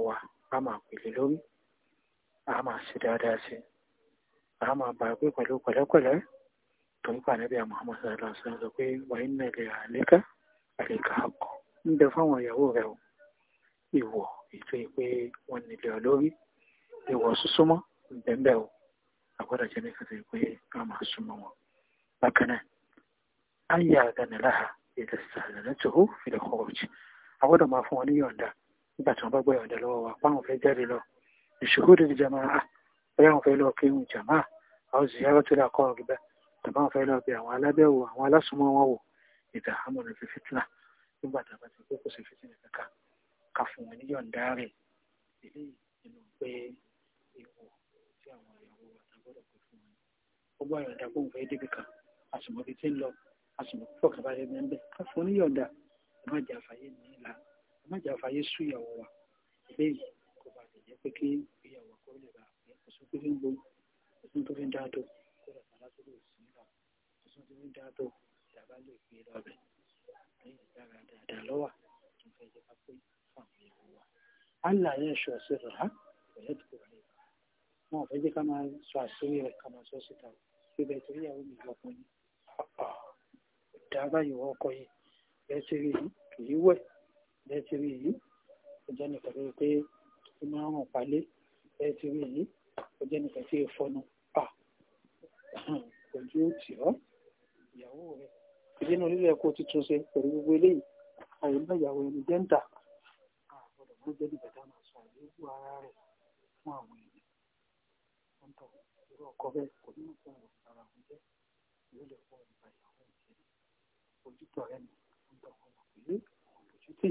Speaker 1: wa tó ń pa Muhammad sallallahu alaihi wasallam sọ pé wàá nà lè àlékà àlékà àkọ́ ń bẹ fáwọn ìyàwó rẹ o ìwọ ètò ìpè wọn nílé ọ lórí ìwọ súnmọ́ bẹ́ẹ̀ o àgbọ́dọ̀ jẹ́ nìkan tó pé a máa súnmọ́ wọn bákan náà ayé àgànàláha ètò ìsàlẹ̀ lẹ́tọ̀ọ́ fìlẹ̀ kọ́ọ̀jì àgbọ́dọ̀ máa fún wọn ní yọ̀ǹda nígbà tí wọ́n bá gbọ́ yọ̀ǹda lọ́wọ́ wa páwọn fẹ́ jáde lọ ìṣòro dèjì jamaa bẹ́ẹ̀ wọ́n fẹ́ lọ kí jamaa àwọn ziyara tó lè kọ́ tàbá wọn fẹ́ lọ bí àwọn alábẹ́wò àwọn alásùnmọ́ wọn wò ìgbà àmọ̀nà fi fìtínà nígbà tàbá ti kó kò sí fìtínà kankan ká fún wọn ní yọ̀ǹda rẹ̀ eléyìí nínú pé ipò tí àwọn ìyàwó wa ta gbọ́dọ̀ pé fún wọn ó gbọ́ yọ̀ǹda kó ń fẹ́ débi kan àsùnmọ́ fi ti ń lọ àsùnmọ́ púpọ̀ kaba rẹ̀ bẹ́ẹ̀ bẹ́ẹ̀ ká fún ní yọ̀ǹda ẹ má jà fàyè ní ìlà ẹ má jà fàyè sú ìyàwó wa eléyìí kò bá lè jẹ́ pé kí ìyàwó kò lè bá lásìkò sùn ti ní dàtò tàbá lè gbé lọ́bẹ̀ lẹ́yìn dára dáadáa lọ́wà tó fẹ́ jẹ́ ká pé fún àwọn ìyàwó wa. Allah yẹn ṣọ sí rẹ̀ ha ọ̀yẹ́ tó kúrò nípa. Wọn ò fẹ́ jẹ́ ká máa sọ àṣírí rẹ̀ ká máa sọ síta. Bíbẹ̀ torí ìyàwó mi lọ́pọ̀ ni. Dàbá ìwọ ọkọ yìí. Bẹ́ẹ̀ ti rí yìí kì í wẹ̀. Bẹ́ẹ̀ ti rí yìí. Ó jẹ́ nìkan tó pé ó máa ń hàn Bẹ́ẹ̀ ti rí yìí. Ó jẹ́ nìkan tí ó fọnu. Ojú ò tì ọ́ ìyàwó rẹ̀ ìdínà lílo ẹ̀kọ́ ti tún ṣe gbogbo eléyìí àyè bá ìyàwó ẹni dẹ́ńtà àgbọ̀dọ̀ mú jẹ́ dìgbà dáná sọ àléébù ara rẹ̀ fún àwọn èèyàn wọ́n tọ̀ irú ọkọ bẹ́ẹ̀ kò ní fún àwọn ara wọn jẹ́ yóò lè fún ìgbà ìyàwó ìjẹ́ ojútọ̀ rẹ̀ ni wọ́n tọ̀ wọn wà pẹ̀lú ojútì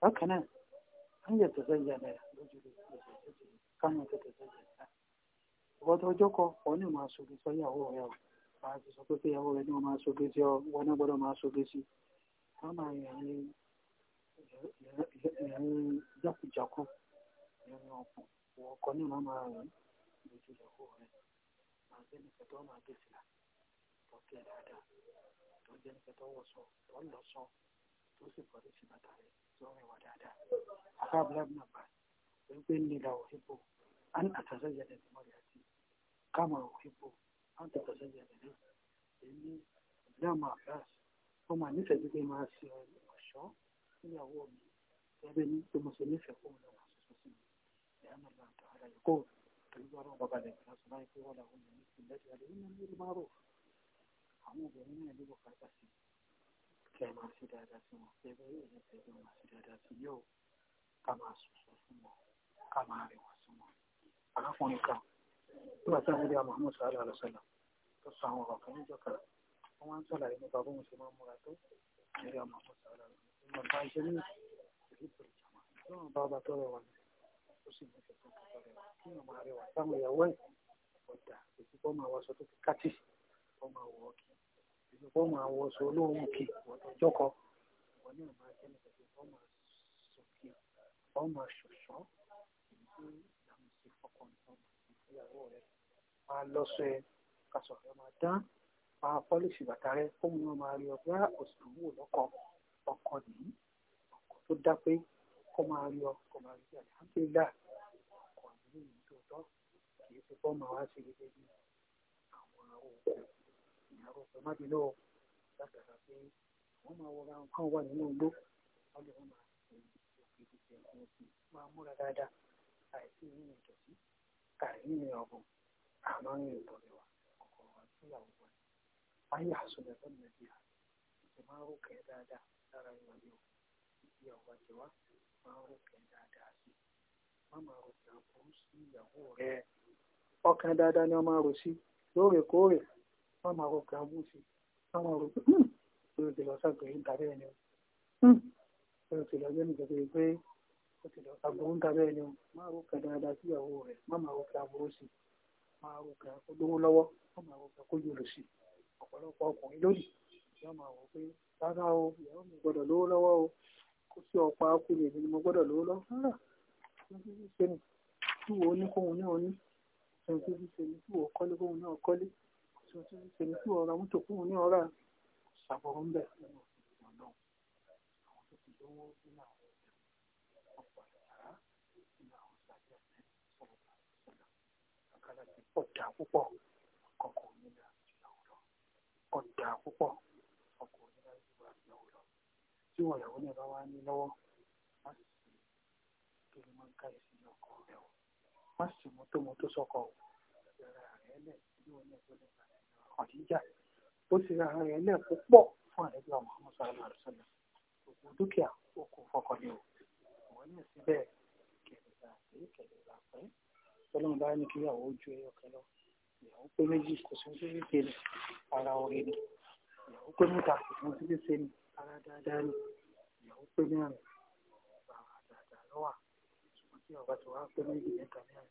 Speaker 1: bákan náà wọ́n yẹ tẹ̀sẹ̀ yẹ náírà lójú lójú káwọn tẹ̀sẹ̀ yẹ náírà ọ̀dọ̀ ọjọ́ kọ òun ni màá sọ a ti sọ pé kí ìyàwó rẹ̀ ní wọ́n máa ṣoge tí ọ wọ́n náà gbọ́dọ̀ máa ṣoge sí wọ́n máa yẹ̀rin jákujàku yẹ̀rin ọ̀pọ̀ ọkọ̀ ní wọ́n máa rìn lójú ìyàwó rẹ̀ máa jẹ́ nípa tó máa dé sílá tọ́kẹ́ dáadáa tó jẹ́ nípa tó wọ̀ sọ tó lọ sọ tó àwọn tẹ̀kọ̀ sẹ́jẹ̀ rẹ̀ náà èmi ìdáàmú àfẹ́s ọmọ ànífẹ̀ẹ́ gbígbé máa ṣe ọ̀ṣọ́ níyàwó mi gẹ́gẹ́ ní pé mo ṣe nífẹ̀ẹ́ fún ọ̀nà àṣọṣọ sí mi ìyá náà bá ta ara yìí kó pẹ̀lú ọ̀rọ̀ bàbá rẹ̀ kí wọ́n sọ báyìí pé wọ́n làwọn ọmọ mi ti lẹ́jọ́ rẹ̀ nínú ní ìlúmárò àwọn obìnrin náà lè wọ kájà sí kí ẹ máa ṣe dáadáa sí wọn gẹ́gẹ́ bí máa ṣe dáadáa sí yóò ká máa sọ̀sọ̀ fún wọn ká máa rẹwà sí wọn arákùnrin kan nígbà tí àwọn ilé Muhammad sallallahu alaihi wasallam tó sọ àwọn ọ̀rọ̀ kan níjọ kan wọ́n wá ń sọ̀rọ̀ yìí nípa bóun ṣe máa ń múra tó ilé Muhammad sallallahu alaihi wasallam nígbà bá ṣe ní ìlú ìjàmà lọ́wọ́n bá bá tó rẹwà ní ó sì mú ìfẹ́ tó rẹwà kí wọ́n máa rẹwà táwọn ìyàwó ẹ̀ ọ̀dà ìdúpọ̀ máa wọ aṣọ tó fi kátì wọ́n máa wọ ọkì ìdúpọ̀ máa wọ aṣọ olóhùn kì ọ̀dọ̀jọ́kọ wọn ní ọ̀ma jẹ́ nípa ìdúpọ̀ máa sọ̀kì ọ̀ máa ṣọ̀ṣọ́ ìyàwó rẹ̀ máa lọ sọ ẹ kàṣọ rẹ̀ máa dán máa pọ́líṣì bàtà rẹ̀ fóun náà máa rí ọ pé òṣèlú wò lọ́kọ ọkọ nìyí ọkọ tó dá pé kó máa rí ọ kó máa rí ọ àlàáfíà ọkọ ìlú yìí tó tọ́ kì í ṣe fọ́ máa wá sí gẹ́gẹ́ bí àwọn òkú ìyàwó ọ̀sẹ̀ má bínú ọ látara pé wọ́n máa wọra nǹkan wà nínú igbó wọ́n lè wọ́n máa ṣe òkè títí ẹ̀kọ́ máa múra dáadáa àìsí ìrìn ìdọ̀tí karimi yabo amani yutolewa kwa kila mmoja ayi hasuna sanna pia maruka ya dada na rayuwa yau ìyàwó àjẹwà máa rúkẹ dáadáa sí má máa rúkẹ àbúrú sí ìyàwó rẹ ọkàn dáadáa ni wọn máa rò sí lóòrèkóòrè má máa rúkẹ àbúrú sí má máa rúkẹ lórí ti lọ sàgbé ń tàbí ẹni o lórí ti lọ gbẹmí gbẹgbẹ pé òkèdè àbúrò ń tàbí ẹni máa rò kàn dáadáa sí ìyàwó rẹ̀ má máa rò kàn àbúrò sí máa rò kàn olówó lọ́wọ́ má máa rò kàn kójú rò sí ọ̀pọ̀lọpọ̀ ọkùnrin lónìí yóò máa wò pé rárá o ìyàwó mi gbọ́dọ̀ lówó lọ́wọ́ o kó sí ọ̀pá akúlẹ̀ èmi ni mo gbọ́dọ̀ lówó lọ́wọ́ rárá tí wo ní kóhun náà ní ọ̀sán tó fi ṣe ní tí wo kọ́lé kóhun náà kọ́lé ọ̀sán tó fi ṣe ní tí wo ra mọ́tò kóhun náà rà ṣàbọ̀rọ̀ ń bẹ̀ ọ̀dà púpọ̀ ọkọ̀ onílà ìyàwó lọ ọ̀dà púpọ̀ ọkọ̀ onílà ìyàwó lọ tí wọ́n ìyàwó náà bá wá ní lọ́wọ́ má sì sí kí ló máa ń káyè sí ọkọ̀ rẹ̀ o má sì mú tó mú o ìyàrá rẹ̀ lẹ̀ bí wọ́n ní ẹgbẹ́ nípa ọ̀díjà ó sì ra rẹ̀ lẹ̀ púpọ̀ fún àdébí ọmọ ọmọ sọ̀rọ̀ àrùsọ̀lẹ̀ ògùn dúkìá tọ́lọ́run bá ní kí ìyàwó ju ẹyọ kan lọ ìyàwó pé méjì kò sí ojú ṣíṣe ni ara orin ni ìyàwó pé mẹ́ta kò sí ojú ṣíṣe ni ara dáadáa ni ìyàwó pé mẹ́rin ara dáadáa lọ́wà ṣùgbọ́n tí ọba ti wá pé méjì mẹ́ta mẹ́rin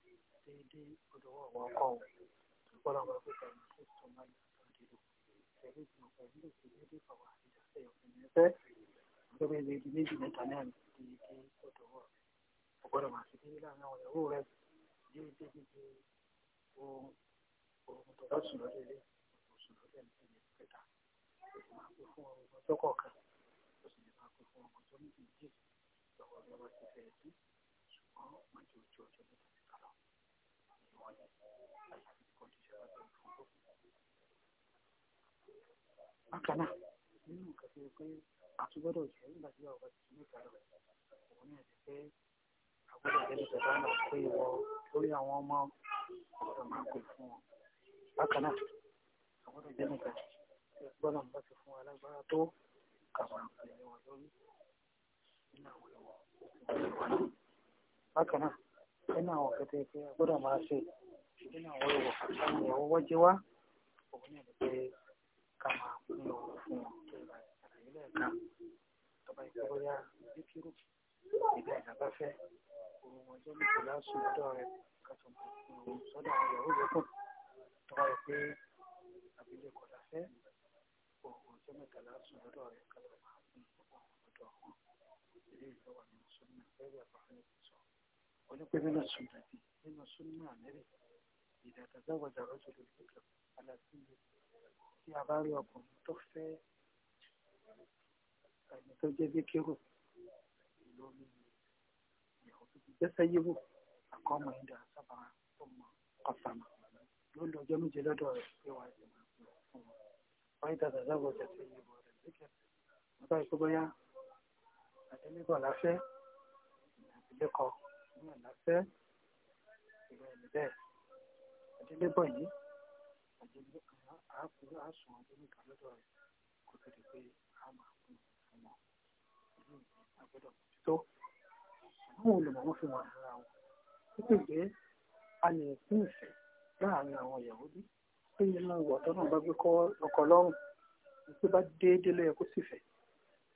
Speaker 1: déédéé ọdọ̀ wọ̀ wọ́n kọ́ ọ̀ tọ́lọ́run bá pé kàmí tó sọ máa ń lọ pẹ̀lú ìgbìmọ̀ pẹ̀lú ìṣèlédé déédéé ọdọ̀ wọ̀ ọ̀gbọ́dọ̀ máa ṣe déédéé tí ó débi ju ohun ohun tó bá sùn lọ́dọ̀ ilé sùn lọ́dọ̀ ẹni kẹta ó sì máa pè fún ọmọ ọjọ́ kọ̀ọ̀kan ó sì máa pè fún ọmọ ọjọ́ méjì lọ́wọ́ bí wọ́n ti fẹ́ sí ṣùgbọ́n wọ́n ti ojú ọjọ́ mẹ́ta ti kálọ̀ ìwọ̀n yẹn àyàfi kan ti ṣẹlẹ̀ lọ́wọ́ fún ọkọ̀. bákan náà nínú nǹkan tó yẹ pé àtúgbọ́dọ̀ jẹ́ nígbà tí wàá wà ti mẹ́ta lọ òun náà ti fẹ́ ó lè jẹ́ ìjọba náà pé ìwọ lórí àwọn ọmọ ọ̀sẹ̀ máa kò fún wọn. bákan náà àwọn jẹ́ nìkan tí gbọ́dọ̀ bá ti fún alágbára tó kàwọn àǹfààní wọn lórí nínú àwọn ìwọ bákan náà nínú àwọn kẹtẹ pé a máa ṣe nínú àwọn ìwọ àwọn ìyàwó wọ́jẹ wá òun náà ni pé ká máa fún wọn àlàyé lẹ́ẹ̀kan tọ́ba ìgbà bóyá díkírù kòkòrò wọn jẹ́ nípa láṣù lọ́dọ̀ rẹ̀ kàtó
Speaker 2: kòkòrò sọ́dọ̀ àwọn ìyàwó yòókù
Speaker 1: tó wáyé pé àbílẹ̀kọ láfẹ́ kòkòrò jẹ́ nípa láṣù lọ́dọ̀ rẹ̀ kàtó kòkòrò lọ́dọ̀ wọn ilé ìjọba ní sọ́nà ẹgbẹ́ àbáfẹ́ sọ onípe nínú sọ́nà bí nínú sọ́nà àmẹ́rẹ̀ ìdàtàzáwọ̀dà rọ́jò lórí aláàfin tí a bá rí ọkùnrin tó fẹ́ ẹni tó jẹ́ bí kérò lórí yẹ́sẹ̀yẹ́wò àkọ́mọ ẹ̀dá sábà ọmọ ọ̀sán yóò lọ ọjọ́ méje lọ́dọ̀ rẹ̀ pé wà á jẹ́ wọ́n
Speaker 2: yìí tàtà sábà ọjà tó
Speaker 1: yẹ bọ̀ rẹ̀ lókè wọ́n bá ìkóbọ́ yá àdémígbọ̀ láfẹ́ ìdílékọ̀ ní àláfẹ́ ìgbà ẹ̀mí bẹ́ẹ̀ àdélégbọ̀ yìí àdélégbọ̀ àásùn àdémígbà lọ́dọ̀ rẹ̀ kó tó di pé a máa kún un fún wọn àwọn olùmọ̀wọ́ fi wọ̀n ara wọn wípé jẹ́ a lè pín ìfẹ́ láàrin àwọn Yahudi pé nínú ọ̀tọ́ náà bá gbé kọ́ ọkọ̀ lọ́rùn wípé bá déédéé lẹ́yẹ kó sì fẹ́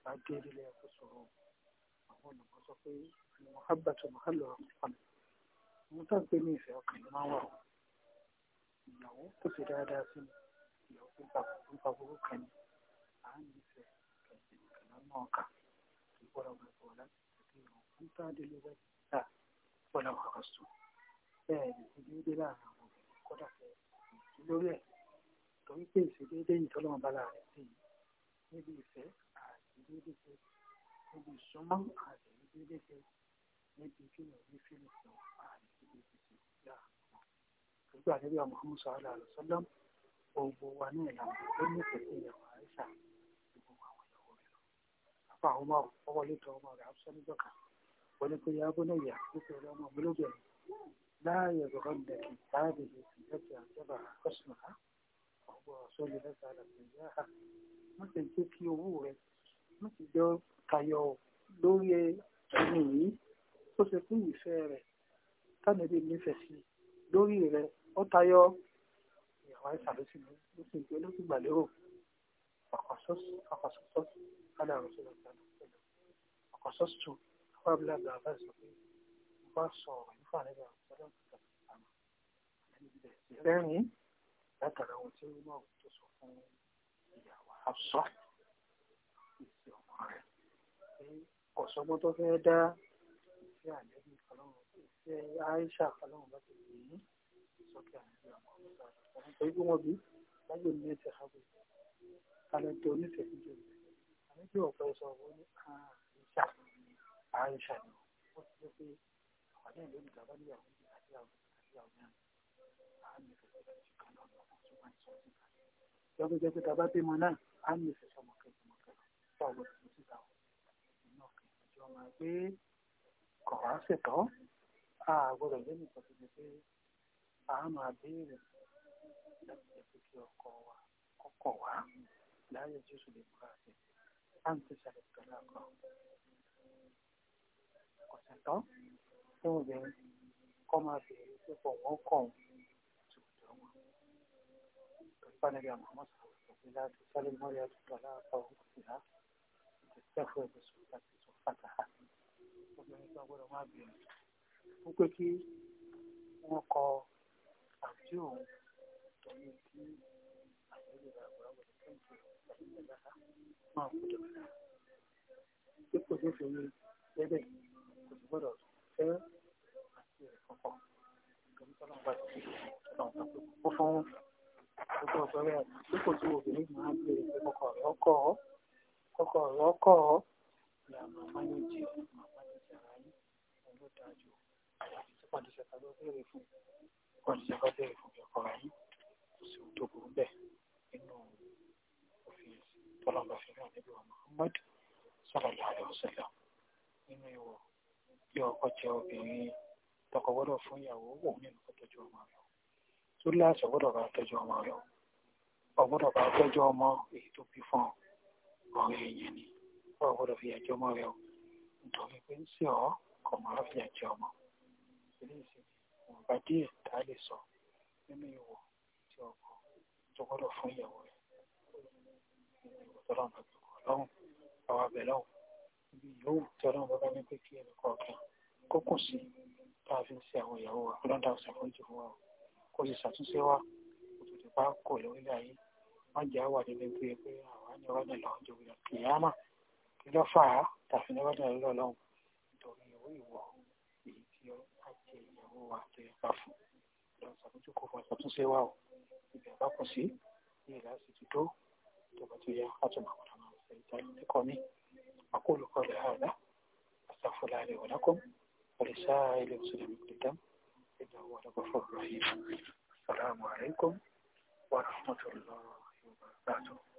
Speaker 1: bá déédéé lẹ́yẹ kó sọ̀rọ̀ àwọn olùmọ̀ sọ pé muhabbatu muhallu rahman wọn tàn pé ní ìfẹ́ ọkàn máa wà ó ìyàwó tó fi dáadáa sí mi ìyàwó tó ń pa burúkú kan ní à ń nífẹ̀ẹ́ kẹ̀sìn kan ń tá a délé rẹ̀ ta bọ́lá wà wá sùn bẹ́ẹ̀ ni ìdílé láàrin àwọn obìnrin kọ́dà fẹ́ lórí ẹ̀ torí pé ìṣèdéédé ìtọ́lọ́wọ́n bá láàrin sí i níbi ìfẹ́ àìṣèdéédé ṣe níbi ìsúnmọ́ àìṣèdéédé ṣe níbi kíni òní fíìmù lọ àìṣèdéédé ṣe láàrin nígbà tí wíwá Muhammad sọ́ọ́lá àlùsọ́lá gbogbo wa ní ìlànà tó nífẹ̀ẹ́ sí ìyàwó àìsàn gbogbo àwọn ìyàwó rẹ̀ lọ. àpá àwọn ọmọ ọwọ́ létọ́ ọmọ rẹ̀ àbúṣẹ́ níjọ́ kan ولكل أبني ذكر لهم مبلغا لا يبغنك هذه التي اعتبرها حسنها وهو رسول الله على النجاح ممكن تكي وورك ممكن جو كايو لوري أمي وسيكون يفير كان يبي نفسي لوري رẹ̀ ó tayọ ìyàwó ìsàlùsí ní ó sì gbé lókè gbàlérò ọkọ̀ sọ́sù ọkọ̀ sọ́sù قبل أن أغزل بصر يفعل إذا أغزل الثاني ذكر وسيلة وتصف ìyàwó àṣọ ìsì ọmọ rẹ̀ ọ̀sọ́gbọ́n tó fẹ́ dá ìfẹ́ àlẹ́bí fọlọ́run ìfẹ́ Aisha fọlọ́run bá ti lè ní sókè àlẹ́bí ọmọ ọ̀sán ọ̀sán tó gbọ́n bí lágbè ní ẹsẹ̀ àbẹ̀ alẹ́ tó oníṣẹ́ fíjọ́ alẹ́ tí ọ̀pẹ sọ wọ́n ní àìsà ah, Aisha ni ó ti jẹ́ pé àwọn ẹ̀dá ìlú ìjọba ní àwọn ìdílé àti àwọn àti àwọn náà á ní ìfẹsẹ̀ ìfẹsẹ̀ kan lọ lọ́wọ́ tó máa ń sọ sí ìgbà yẹn. Lọ́gbẹ́ jẹ́ pé tàbá bímọ náà á ní ìfẹsẹ̀ ọmọkẹ́ ọmọkẹ́ lọ sọ̀rọ̀ sí síta ọ̀. Iná kì í jọ máa pé kọ̀ wá ṣètọ́. A gbọ́dọ̀ jẹ́ nìkan tó jẹ́ pé a máa béèrè láti jẹ́ pé kí ọkọ wa kọ́kọ́ wá láyé Jésù lè múra sí. À ń tẹ̀sán ìtọ́lá kan kọ̀sẹ̀ tán tí obìnrin kọ́ máa fi èyí tó pọ̀ wọ́n kọ̀ النبي محمد صلى الله عليه وسلم لا تسلم ولا تطلع فوقها تستخرج صفتها obìnrin tó gbọ́dọ̀ má bìrì ó pé kí wọ́n kọ àti òun tọ́lú kí àtẹ́lẹ́gbà àgbàlagbà tó fi àtẹ́lẹ́gbà máa kú gbọ́dọ̀ fẹ́ àti ẹ̀kọ́kọ́ nítorí tọ́lá bá ti ó fún gbogbo ọ̀gbẹ́rẹ́ àdúgbò tí obìnrin máa ń bèrè pé kọ́kọ́ ọ̀rọ̀ ọkọ̀ ọ́ kọ́kọ́ ọ̀rọ̀ ọkọ̀ ọ́ ni a máa máa ń jẹ máa máa ń jẹ ara yín òun ló dáa jù àyàfi tí pàdùsẹ̀ ká ló Muhammad sallallahu alaihi wasallam nínú ìwọ̀ kí ọkọ jẹ obìnrin tọkọ gbọ́dọ̀ fún ìyàwó wò nínú kó tọ́jú ọmọ rẹ̀ tó láàṣọ gbọ́dọ̀ bá tọ́jú ọmọ rẹ̀ ọgbọ́dọ̀ bá tọ́jú ọmọ èyí tó bí fún ọ̀rẹ́ èèyàn ni ọgbọ́dọ̀ fi àjọ ọmọ rẹ̀ nítorí pé ń sì ọ kò mọ fi àjọ ọmọ ilé ìsinmi wọn bá díẹ̀ tá a lè sọ nínú ìwọ tí ọkọ tó gbọ́dọ̀ fún ìyàwó rẹ̀ nínú ìwọ tó abẹ lọ́hùn ibi yòówù tí ọlọ́run pé kí ẹnì kọ̀ọ̀kan kó kù sí tá fi ń ṣe àwọn ìyàwó wa ọlọ́dà ṣàforíjì fún wa o kó sì ṣàtúnṣe wa òtútù bá kò lórílẹ̀ ayé má jẹ́ àwà nílé pé pé àwa ní ọlọ́dà lọ́wọ́ jòwó lọ kì í fà á tàfi ní ọlọ́dà lọ́wọ́ lọ́wọ́ nítorí ìwọ ìwọ èyí tí ó bá jẹ ìyàwó wa tó yẹ ká fún ọlọ́dà ṣàforíjì kó ṣàtúnṣe wa o ìbẹ̀ أقول قولي هذا أستغفر الله لي ولكم ولسائر المسلمين كل إنه هو الغفور الرحيم السلام عليكم ورحمة الله وبركاته